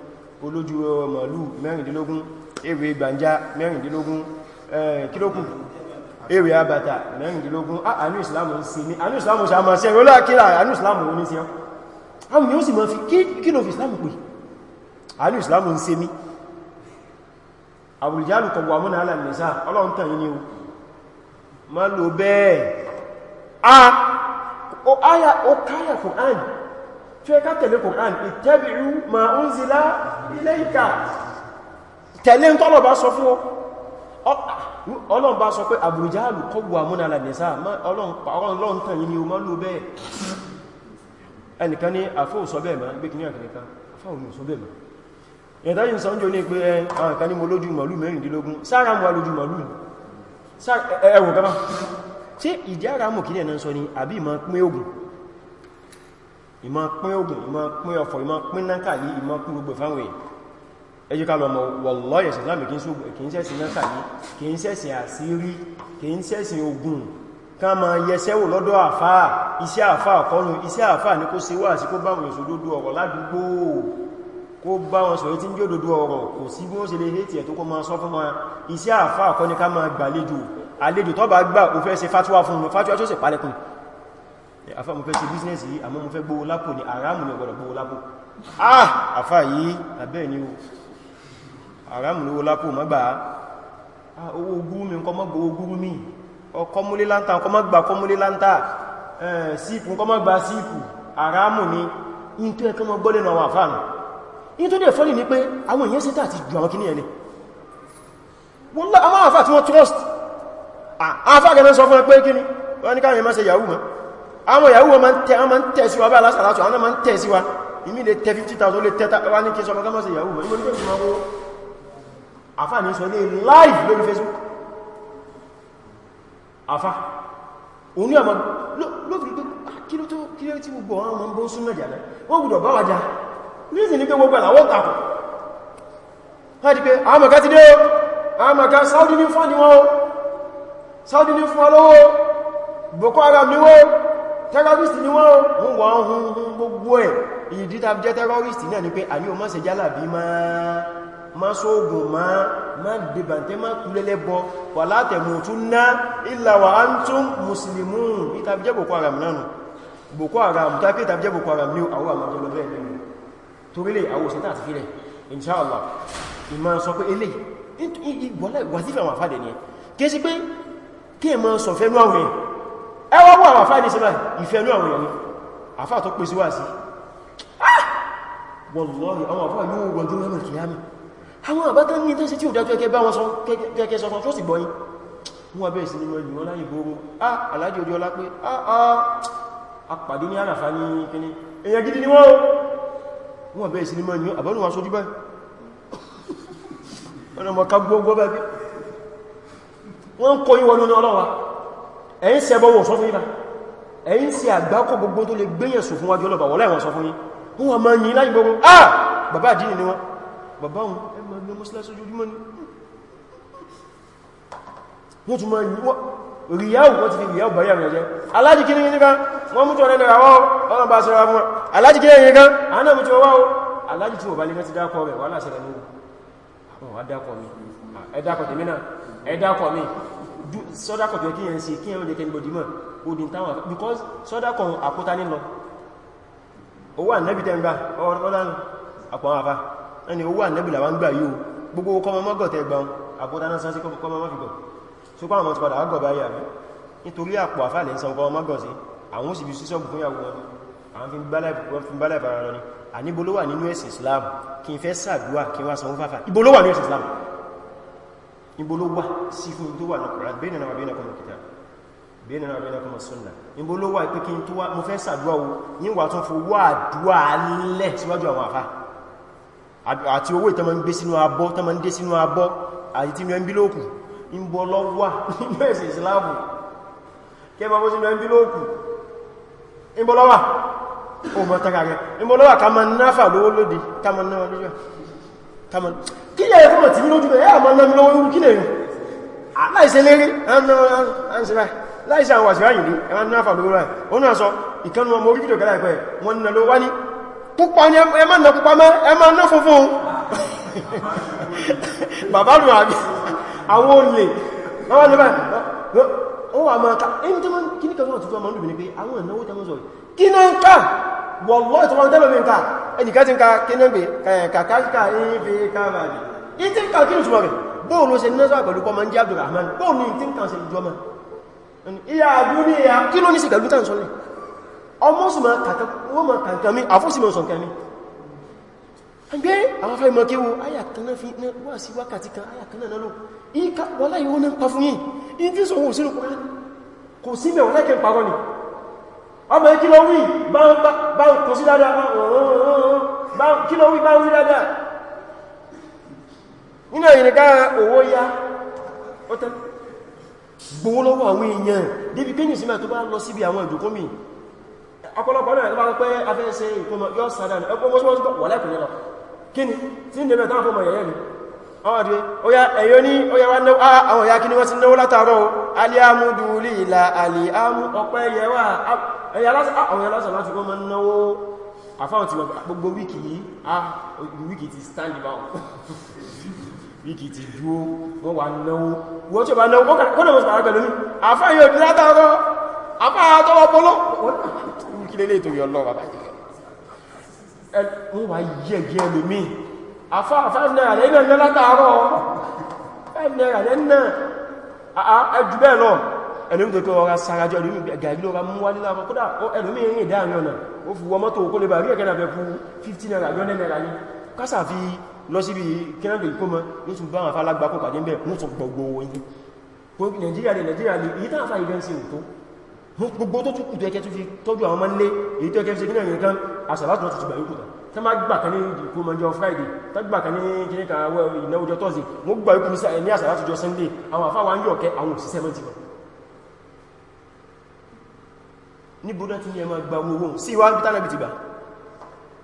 olójú eh, màálù mẹ́rìndínlógún èrè gbàǹjá mẹ́rìndínlógún eh, kílókù èrè abàtà mẹ́rìndínlógún ah, àánú ìsìlámù ń sin ní àánú ìsìlámù ṣe àmà sí ẹ̀rọlá kíra àánú ìsìlámù ní sí ọ́ àwọn yóò sì mọ́ fi kí ló fi ìsìlámù pè àánú ìsìlámù ń se mí àwùjálù kọ̀wà mọ́nà alà nìsá ọlọ́run tàn yìí ni o ma lò bẹ́ẹ̀ a o aya o káyà Kùránì tí ẹ ká tẹ̀lé Kùránì ittabi'u ma unzila ilayka tẹ̀lé tọ́lọ̀ bá sọ fún ọlọ́run bá sọ pé àwùjálù kọ̀wà mọ́nà alà nìsá ọlọ́run tàn yìí ni o ma lò bẹ́ẹ̀ ẹ̀dájú ìsànjò ní pé àwọn ìkan ní mo lójú màálù mẹ́rìndínlógún sára mú alójú màálù ẹwọ̀n gaba tí ìjára mú kìí ẹ̀nà sọ ni àbí ìmọ̀ pín ogun ìmọ̀ pín ogun ìmọ̀ pín ọfọ̀ ìmọ̀ pín nákàlí ìmọ̀ pín gbogbo fáwọn èèyàn ẹjú ká lọ mọ̀ wọ̀lọ́ ẹ̀sìn láàmì kì í ṣẹ̀sìn nákàlí kì í ṣẹ̀sìn àṣírí kì í ṣẹ̀sìn ogun ká ma yẹsẹ́wò lọ́dọ̀ àfáà iṣẹ́ àfáà kọ́nu iṣẹ́ àfáà ní kó ṣe wá àsìkò báwọn èso dódó ọ̀rọ̀ ládùúgbò kó bá wọn sọ̀rọ̀ tí ń jódòdó ọ̀rọ̀ kò sí bí wọ́n ṣe lè rétí ẹ̀ tó kó máa sọ fún wọn iṣẹ́ àfá àkọ́ni ká máa gbàlejò àlejò tó bá gbà ó fẹ́ ṣe fatuwa fún un fatuwa tó ṣe palẹ̀kùn àfá mo fẹ́ ṣe business yìí àmọ́ mo fẹ́ gbówó lápò ní àrámù ní ọgbọ̀dọ̀ gbówó lápò ah àfá yìí abẹ́ ni o àrámù lówó lápò mọ́ ah, gbà á owó gúrú mi nǹkan mọ́ gbówó gúrú mi ọkọ́ múlé láńtà nǹkan mọ́ gbà kọ́ múlé láńtà eh, síìpù nǹkan mọ́ gbà síìpù àrámù ni in tó ẹ̀kọ́ mọ́ gbọ́lẹ̀ náà wà fáàmù yí tó dẹ̀ fọ́lì ní pé àwọn èèyàn sẹ́ta àti jù àwọn kìíní ẹni wọ́n lá àwọn àfà tí wọ́n trust àfà gẹ̀mẹ́ sọ fún ẹ pé kíní wọ́n ní káàrin mẹ́sẹ̀ yahoo mọ́ àwọn yahoo wọ́n máa ń tẹ̀ sí wa bá alásàlátù àwọn máa ń tẹ̀ sí wa ìmí lè tẹ́ 50,000 lè tẹ́ta wá ní kí sọ mọ́kán mọ́sẹ̀ yahoo mọ́ ìmọ̀ ní pé ìmọ̀ owó àfà ní sọ ní live lórí Facebook àfà òun ní àmọ́ lókìrí pé ah, kí ló tó kí ló tí gbogbo àwọn ọmọ ń bó súnmọ̀ jà lẹ́ wọ́n gbọ́dọ̀ bá wájá nísì ní pé gbogbo àwọn tàkù láti pé àwọn mọ̀ká ti dé o àwọn mọ̀ká Saudi ní fún àníwọ́ o Saudi ní fún alówó Boko Haram ní wó terrorist ní wọ́n o mú wọ́n hun hun gbogbo ẹ̀ ìdí tàbí jẹ́ terrorist náà ni pé àyíò má ṣe jálàbí máa ma sóògùn ma ma dìbàntẹ́ ma kúlẹ̀lẹ́ bọ wà látẹ̀mùtúnná illa wa antum muslimun ìtàbíjẹ́ Boko Haram náà Boko Haram tàbí ìtàbíjẹ́ Boko Haram ní àwọn àmàjọ́lọ́bẹ̀ẹ́ torí lè àwọn òsìntà àti fílẹ̀ inṣáàlá ìmá sọ pé ilé wàzífà àwọn àfáàdẹ̀ ni ẹ kìí sí pé kí ẹ máa sọ fẹ́nú àwọn èèyàn ẹwà wọ́n àwọn àfáàdẹ̀ sí báyìí ìfẹ́nú àwọn èèyàn ni àfáà tó pèsè wá sí ah! wallahi àwọn àfáà yóò wọ́n jùlọ mẹ́rin kìí àwọn àbátá ní tó ṣe tí ò dájú ẹkẹ bá wọn sọ kẹ́kẹ́ sọ fún tó sì gbọ́ yìí wọ́n bẹ̀rẹ̀ sí ni wọ́n láyé gbogbo ah alájọ́ ojú ọlá pé ah ah apàdé ní àràfà ní kíní èèyàn gidi ni wọ́n wọ́n bẹ̀rẹ̀ sí ní mọ́ni àbọ́nù wa sójú báyìí wọ́n mọ̀ ká gbogbo bẹ́bí wọ́n ń kọ yíwọ lónà ọlọ́wà ẹ̀yìn sí ẹbọ́wọ̀ sọ fún yíba ẹ̀yìn sí àgbákò gbogbo tó lè gbéyàn sọ fún wájú ọlọ́bà wọ́lá ìwọ̀n sọ fún yí wọ́n mọ́ yí láì gbogbo ah bàbá àdínì ni wọ́n bàbá wọn ẹ̀mọ̀ ní mọ́sílá sójú mọ́ni wọ́n tún mọ́ yí ríyáwù wọ́n ti fi ríyáwù báyà rẹ̀ jẹ́ alájíkí ní yíká wọ́n mú tí wọ́n lẹ́lẹ̀ àwọ́ ọlọ́bà sọ́rọ̀ fún alájíkí ní yíká àánà mú tí wọ́n wáwọ́ alájíkí wọ́n bá lè ti dákọ̀ rẹ̀ wọ́n láṣẹ̀rẹ̀ ní ẹ̀dàkọ̀ mi sọ́dàkọ̀ tó kí ẹ̀ ń se kí ẹ̀ ń lè kẹ́ gbọ́dìmọ̀ odin táwọn because sọ́dàkọ̀ àkótá nílọ owó ànẹ́bì tẹ́ ń gbà ọ̀rọ̀lọ́rọ̀ àpọ̀ àfá ẹni owó ànẹ́bì làwọn gbà yóò gbogbo kọmọmọ́gọ̀ tẹ́ gbọ́n àkótá náà sánsí kọmọmọ́fìgọ̀ ṣùgbọ́n àwọn ti padà àgọ̀ báyà rí nítorí àpò àfàlẹ̀ ń sankọ ọmọgọ̀sí àwọn òsìbí sísọ́gbù fún ìyàwó wọn àwọn fi ń bálẹ̀ fara lọ à ní bolówà nínú ẹ̀sìn Islam kí n fẹ́ sàdúwà kí wá sanwó fàfà ìbolówà nínú ẹ̀sìn Islam ìbolówà sí fún tó wà lọ́kùnrin bẹ́ẹ̀nà wà bẹ́ẹ̀nà kọmọ kìtà bẹ́ẹ̀nà wà bẹ́ẹ̀nà kọmọ sunna ìbolówà pé kí n tó wá mo fẹ́ sàdúwà o ní wà tún àti owó ìtọ́mọ̀ ń gbé sínú abọ́ àti tí mi ń bí lókùn ń bọ́ lọ́wà nínú ẹ̀sìn ìsìláàmù kẹba bó sínú ẹbí lóòkù ń bọ́ lọ́wà ó mọ́ tàkà rẹ̀ ń bọ́ lọ́wà ká ma náfà lówó lóde ká ma náwà lójú kí yẹ ẹ̀fún mọ̀ tí ní lójú ẹ̀ àmọ́ náà lọ́wọ́ irú kí nẹ̀yìn láìsẹ̀ lérí láìsẹ̀ àwọn wàṣíwá yìí ẹ̀wọ́n náfà lówó rẹ̀ ó náà sọ ìkanu ọmọ orí fídíò kẹ́lá ẹ̀pẹ́ wọn nà ló wá ní púpọ̀ ní ẹmọ́ nà púpọ̀ mọ́ ẹmọ́ náà funfun bàbá lù àbí àwọn olè wọ́n lọ́bàá ó wà máa ká ẹni tó máa kí ní kan tó fún ọmọ olùbìnrin pé àwọn ìnáwó tẹ́mọ́ sọ̀rọ̀ kí ní ń ká wọ́lọ́ ìtọ́wọ́ tẹ́lọ mi ń ká ẹnìká ti ń ká kí ní ń pè kàkàkà ìfẹ́ káàmàdì ìtí ń ká kí ní túnmọ̀ rẹ̀ bóòlù ṣe ní sọ́rọ̀ pẹ̀lú pọ́mọ jẹ́ Abdulrahman bóòlù ìtí ń ká ṣe ìjọmọ̀ ìyá àdúníyà kí ló ní sí pẹ̀lú tàǹsọ́lẹ̀ ọmọ sì máa kàǹkà mi àfọ́sí mọ̀ àwọn afẹ́ ìmọ̀ kéwò fi wà sí wákàtí kan ayà náà lọ́lọ́ ìka wọ́lá ìwọ́n ní pa fún yìí in tí sọ̀wọ́ sínú kùrán kò sí mẹ́wọ́n láìkẹ́ ń parọ́ ni ọmọ kí lọ wí bá ń kò sí dáadáa kí lọ wí bá ń wí dáadáa nínú ìrìnká owó yá ọ̀tẹ́ gbówó lọ́wọ́ àwọn èèyàn débi pé nìsí mẹ́ tó bá lọ síbi àwọn ìjòkó mi ọ̀pọ̀lọpọ̀ náà tó bá pẹ́ afẹ́ẹ̀ṣẹ́ ìkọmọ yọ́ sádà ní ọ̀pọ̀ mọ́síwọ́n tó wà lẹ́kùnrin lọ kí ni tí ń dẹ̀mẹ́ táwọn fọmọ ni ọ̀rẹ́ oya ẹ̀yọ́ ní oya wá náwó àwọn ìyá kí ni wọ́n ti náwó látàárọ̀ aliamudu líla aliamu ọpẹ́ yẹwà àwọn ìyá lásà láti gọ́mọ náwó àfáwọn ti gbogbo wíkì yìí a wíkì ti stand about wíkì ti dúó wọ́n wà náwó wọ́n tí ó bá náwó kọ́nà wọ́n sàárà pẹ̀lú ní àfáà yóò di látàárọ̀ àfáà tó wọ́n pọ́lọ́ wọ́n kí lélẹ́ ìtòrí ọlọ́rọ̀ àfá five naira lẹ́yìn náà yẹ́ látàárọ̀ five naira lẹ́yìn náà ẹjù bẹ́ẹ̀ lọ ẹlòmí tó tó ọra sarajọ ẹlòmí gàrí lọ́ra mú wá nílá kódà ẹlòmí rìn ìdáàrin ọ̀nà ó fi wọ mọ́tò kó lè bà rí ẹ̀kẹ́ nàbẹ̀ fún 15 naira yọ́ naira ní kásà fi lọ síbi kẹ́rẹ̀dẹ̀ kó mọ́ ní tún bá àfá alágbà kó pàdé mẹ́ẹ̀ mún tún gbogbo oyin nàìjíríà lè nàìjíríà lè èyí tàn fà ìgbẹ́ sí òtó gbogbo tó tún kù tó ẹkẹ́ tó fi tọ́jú àwọn ọmọ nílé èyí tó ẹkẹ́ fi ṣe kí náà yẹn kan àṣàbátùn ọ̀tún ti gbà yókù tàn tán bá gbà kan ní ìkómọjọ friday tán gbà kan ní kíníkà ìnáwójọ thursday mo gbà ikú ní àṣà látijọ sunday àwọn àfáwà ń yọ̀kẹ́ àwọn òṣìṣẹ́ mọ́ ti bọ̀ ní bódá tí ní ẹmọ gba owó sí wá ń bí tánàbí ti bà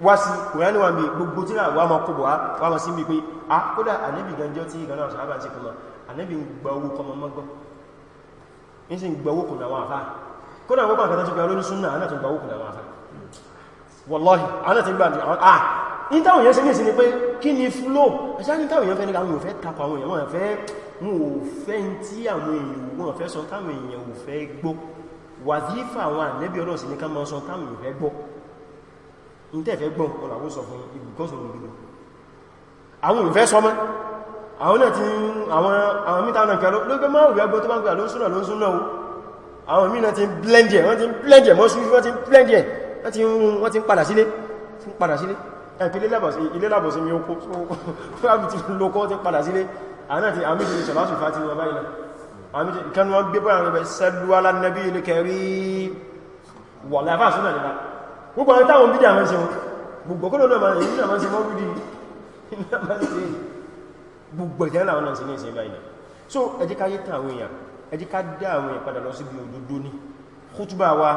wá sí kòránì wà mí gbogbo tí náà wà máa kó bọ̀ wá máa sí mi pé a kódà ànẹ́bì ganjọ́ tí ìgbà náà sàábà ti kọmọ ànẹ́bì ń gba owó kọmọ mọ́gbọ́ ní sí ń gba owó kùnà wọn àfá kódà wọ́n pàkàtà tó gba lórí súnà àná tó gba owó kùnà wọn àfá wallahi àwọn àti gbà ah ìtàwọn èèyàn ṣe ní ìsinmi pé kí ni flow àṣá ní ìtàwọn èèyàn fẹ́ ní àwọn òfẹ́ takọ àwọn èèyàn wọ́n fẹ́ wọn ò fẹ́ ń tí àwọn èèyàn wọ́n fẹ́ sọ táwọn èèyàn ò fẹ́ gbọ́ wàzífà àwọn ànẹ́bí ọlọ́ sí ní ká máa sọ táwọn èèyàn fẹ́ gbọ́ ní tẹ́ẹ̀fẹ́ gbọ́ ọ̀làwó sọ fún ibùkọ́sọ̀ òdòdó àwọn òfẹ́ sọ mọ́ àwọn náà ti àwọn àwọn mítà náà kẹrọ ló máa wùgbẹ́ gbọ́ tó bá gbà ló ń súnà ló ń súnà o àwọn mí náà ti blend ẹ̀ wọ́n ti blend ẹ̀ mọ́ sí wọ́n ti blend ẹ̀ wọ́n ti ń padà sílé ti ń padà sílé ẹ̀kí ilé lábọ̀sí mi oko fúrábì ti lókọ́ ti ń padà sílé àánáti àmìjì ní sọ̀lásù fàtí wọn báyìí àmìjì kan wọ́n gbé bọ́ra rẹ̀ sẹ́lúwálá nẹ́bí ilé kẹrí wọ̀ láfà súnà nípa gbogbo àwọn táwọn bídí àwọn ṣe wọn gbogbo kó lọ́nà máa èyí náà máa ṣe wọ́n bídí gbogbo ìtẹ́ láwọn náà ṣe ní ìṣẹ́ báyìí so ẹjíká yí tàwọn èèyàn ẹjíká dá àwọn èèyàn padà lọ sí bí òdodo ní kútùbà wa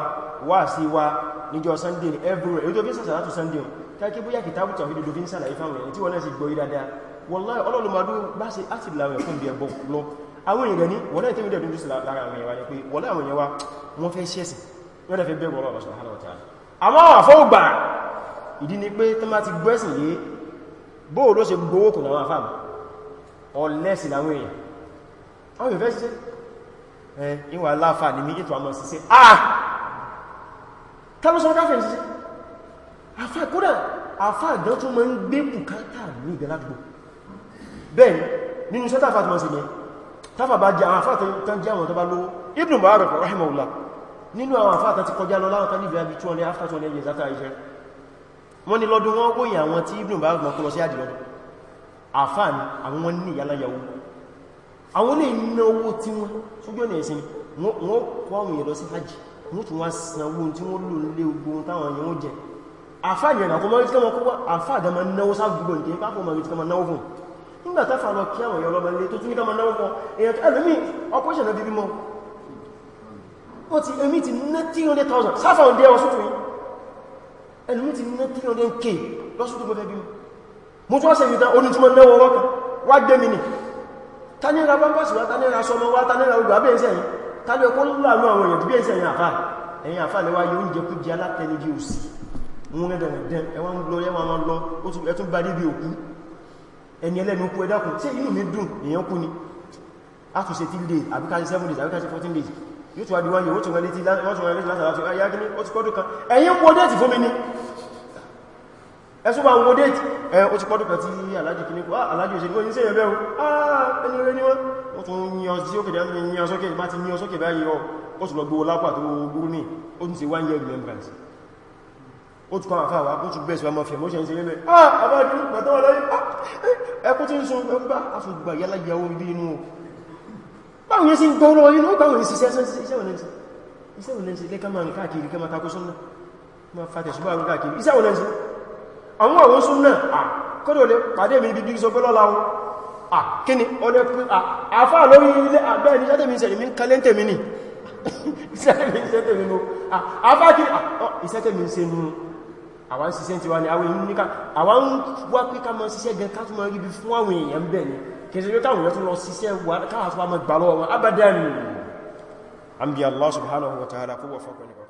wà sí wa níjọ sunday ní everywhere èyí tó fi ń sàṣàlátù sunday káàkiri bóyá kìtàbù tàbí dòdò fi ń sàlàyé fáwọn èyí tí wọ́n náà sì gbọ́ ìdádá wallahi ọlọ́lọ́mọdú bá ṣe láti láwọn ẹ̀kùn bí ẹbọ lọ àwọn èèyàn ní wọ́n náà tí mídẹ̀ dúdú sí lára àwọn èèyàn wá ní pé wọ́n láwọn èèyàn wá wọ́n fẹ́ ṣẹ́sì wọ́n fẹ́ bẹ́gbọ́ ọlọ́rọ̀ subhanahu wa ta'ala àmọ́ àfọ́gbà ìdí ni pé tó má ti gbẹ́sìn yé bóò ló ṣe gbówó kùn àwọn àfáà ọlẹ́sìn láwọn èèyàn ìwà aláfà ní méjì tó àmọ́ síse ah tàbísọ́ káfẹ́ síse àfà kódà àfà ìdán tó mọ́ ń gbé bùkátà ní ìgbẹ̀lágbò bẹ́ẹ̀ nínú sẹ́tà àfà tó mọ́ sí ní tàfà bá jẹ àwọn àfà tó ń jẹ́ àwọn tó bá lówó Ibn Mubarak rahimahullah nínú àwọn mọ́ àwọn olè ní owó tí wọ́n ṣúgbọ́ ní ẹ̀sìn wọ́n kọ́ àwọn èèyàn lọ sí hajj wọ́n tún wá sanwó tí wọ́n lò lé ogun táwọn èèyàn jẹ àfáàjẹ̀ àkọ́ mọ́rí tí kọ́ mọ́kọ́ àfáàdà ma náwó sáàgbùgbò ní kí pápọ̀ mọ́rí tí kọ́ ma náwó fún nígbà táfà lọ kí àwọn èèyàn lọ́bẹ̀ lé tó tún ní kọ́ ma náwó fún èèyàn tó ẹlòmí ọpọ́ṣẹ̀ lọ bíbí mọ́ ó ti ẹmí ti ná 300,000 sáfà òdé ọsútù yìí ẹlòmí ti ná 300k lọ́sútù mọ́fẹ́ bí mo tún wá sẹ́yìn ta onítúmọ̀ náwó rọ́kà wá gbẹ́mìnì tanira pampers wa tanira sọmọ wa tanira ogun abẹ́ ẹsẹ̀ yìí tàbí ọkọ́ láàánú àwọn èèyàn tó bí ẹsẹ̀ yìí àfà ẹ̀yìn àfà lẹ́wà yóò ń jẹ kú jẹ alátẹnijì òsì wọn rẹ̀ dẹ̀rẹ̀dẹ̀ ẹwà ń lọ ẹwà wọn lọ ẹtún bá débi òkú ẹni ẹlẹ́nu kú ẹdákùn tí inú mi dùn èèyàn kú ni a tún ṣe 10 days àbí ká ṣe 7 days àbí ká ṣe 14 days yóò tún wá di wáyé wọ́n tún rẹ̀ létí láti wọ́n tún rẹ̀ létí láti àwọn àti ayá kí ní ó ti kọ́dún kan ẹ̀yìn wọ́dẹ̀ ti fún mi ni ẹ̀sùn bá wo date ẹ̀ o ti pọ́dún kan tí alájì kìíní kò alájì òṣèlú oyin sí ẹ̀bẹ̀ ẹni rẹ̀ ni wọ́n o tún yíyan sí òkè dáadé yíyan sókè bá ti yíyan sókè báyìí ọ o tún lọ gbówó lápá tó gúrú ní o tún ṣe one year remembrance ó tún kọ́nà fáwà ó tún bẹ̀ẹ̀ sí ọmọ fìyà mọ́ ṣe ń se lẹ́lẹ̀ ah àbájú pàtàwà lọ́yìn ẹkú tí ń sun ẹgbá aṣògbà yálàyàwó bí inú báwọn yẹ́ sí gbọ́rọ̀ inú báwọn yẹ́ sí iṣẹ́ òlẹ́sì lẹ́kàmà ń káàkiri kẹ́mà takó sọ́nà àwọn àwọn súnnà àkọ́dọ̀ olè pàdé mi bíbí sọ pẹ́lọ́lá o àkíní olè pé àfá lórí ilé àbẹ́ ní sẹ́tẹ̀mí ìṣẹ̀lẹ̀ mi ń kalẹ́ntẹ̀mí ni ìṣẹ́tẹ̀mí ṣe mú àwọn ṣiṣẹ́ ti wá ní àwọn ìníká àwọn wá pé ká mọ́ ṣiṣẹ́ gan ká tún mọ́ ríbi fún àwọn èèyàn bẹ̀ ni kẹsẹ̀ yóò táwọn èèyàn tún lọ ṣiṣẹ́ káwà tó wá mọ́ gbà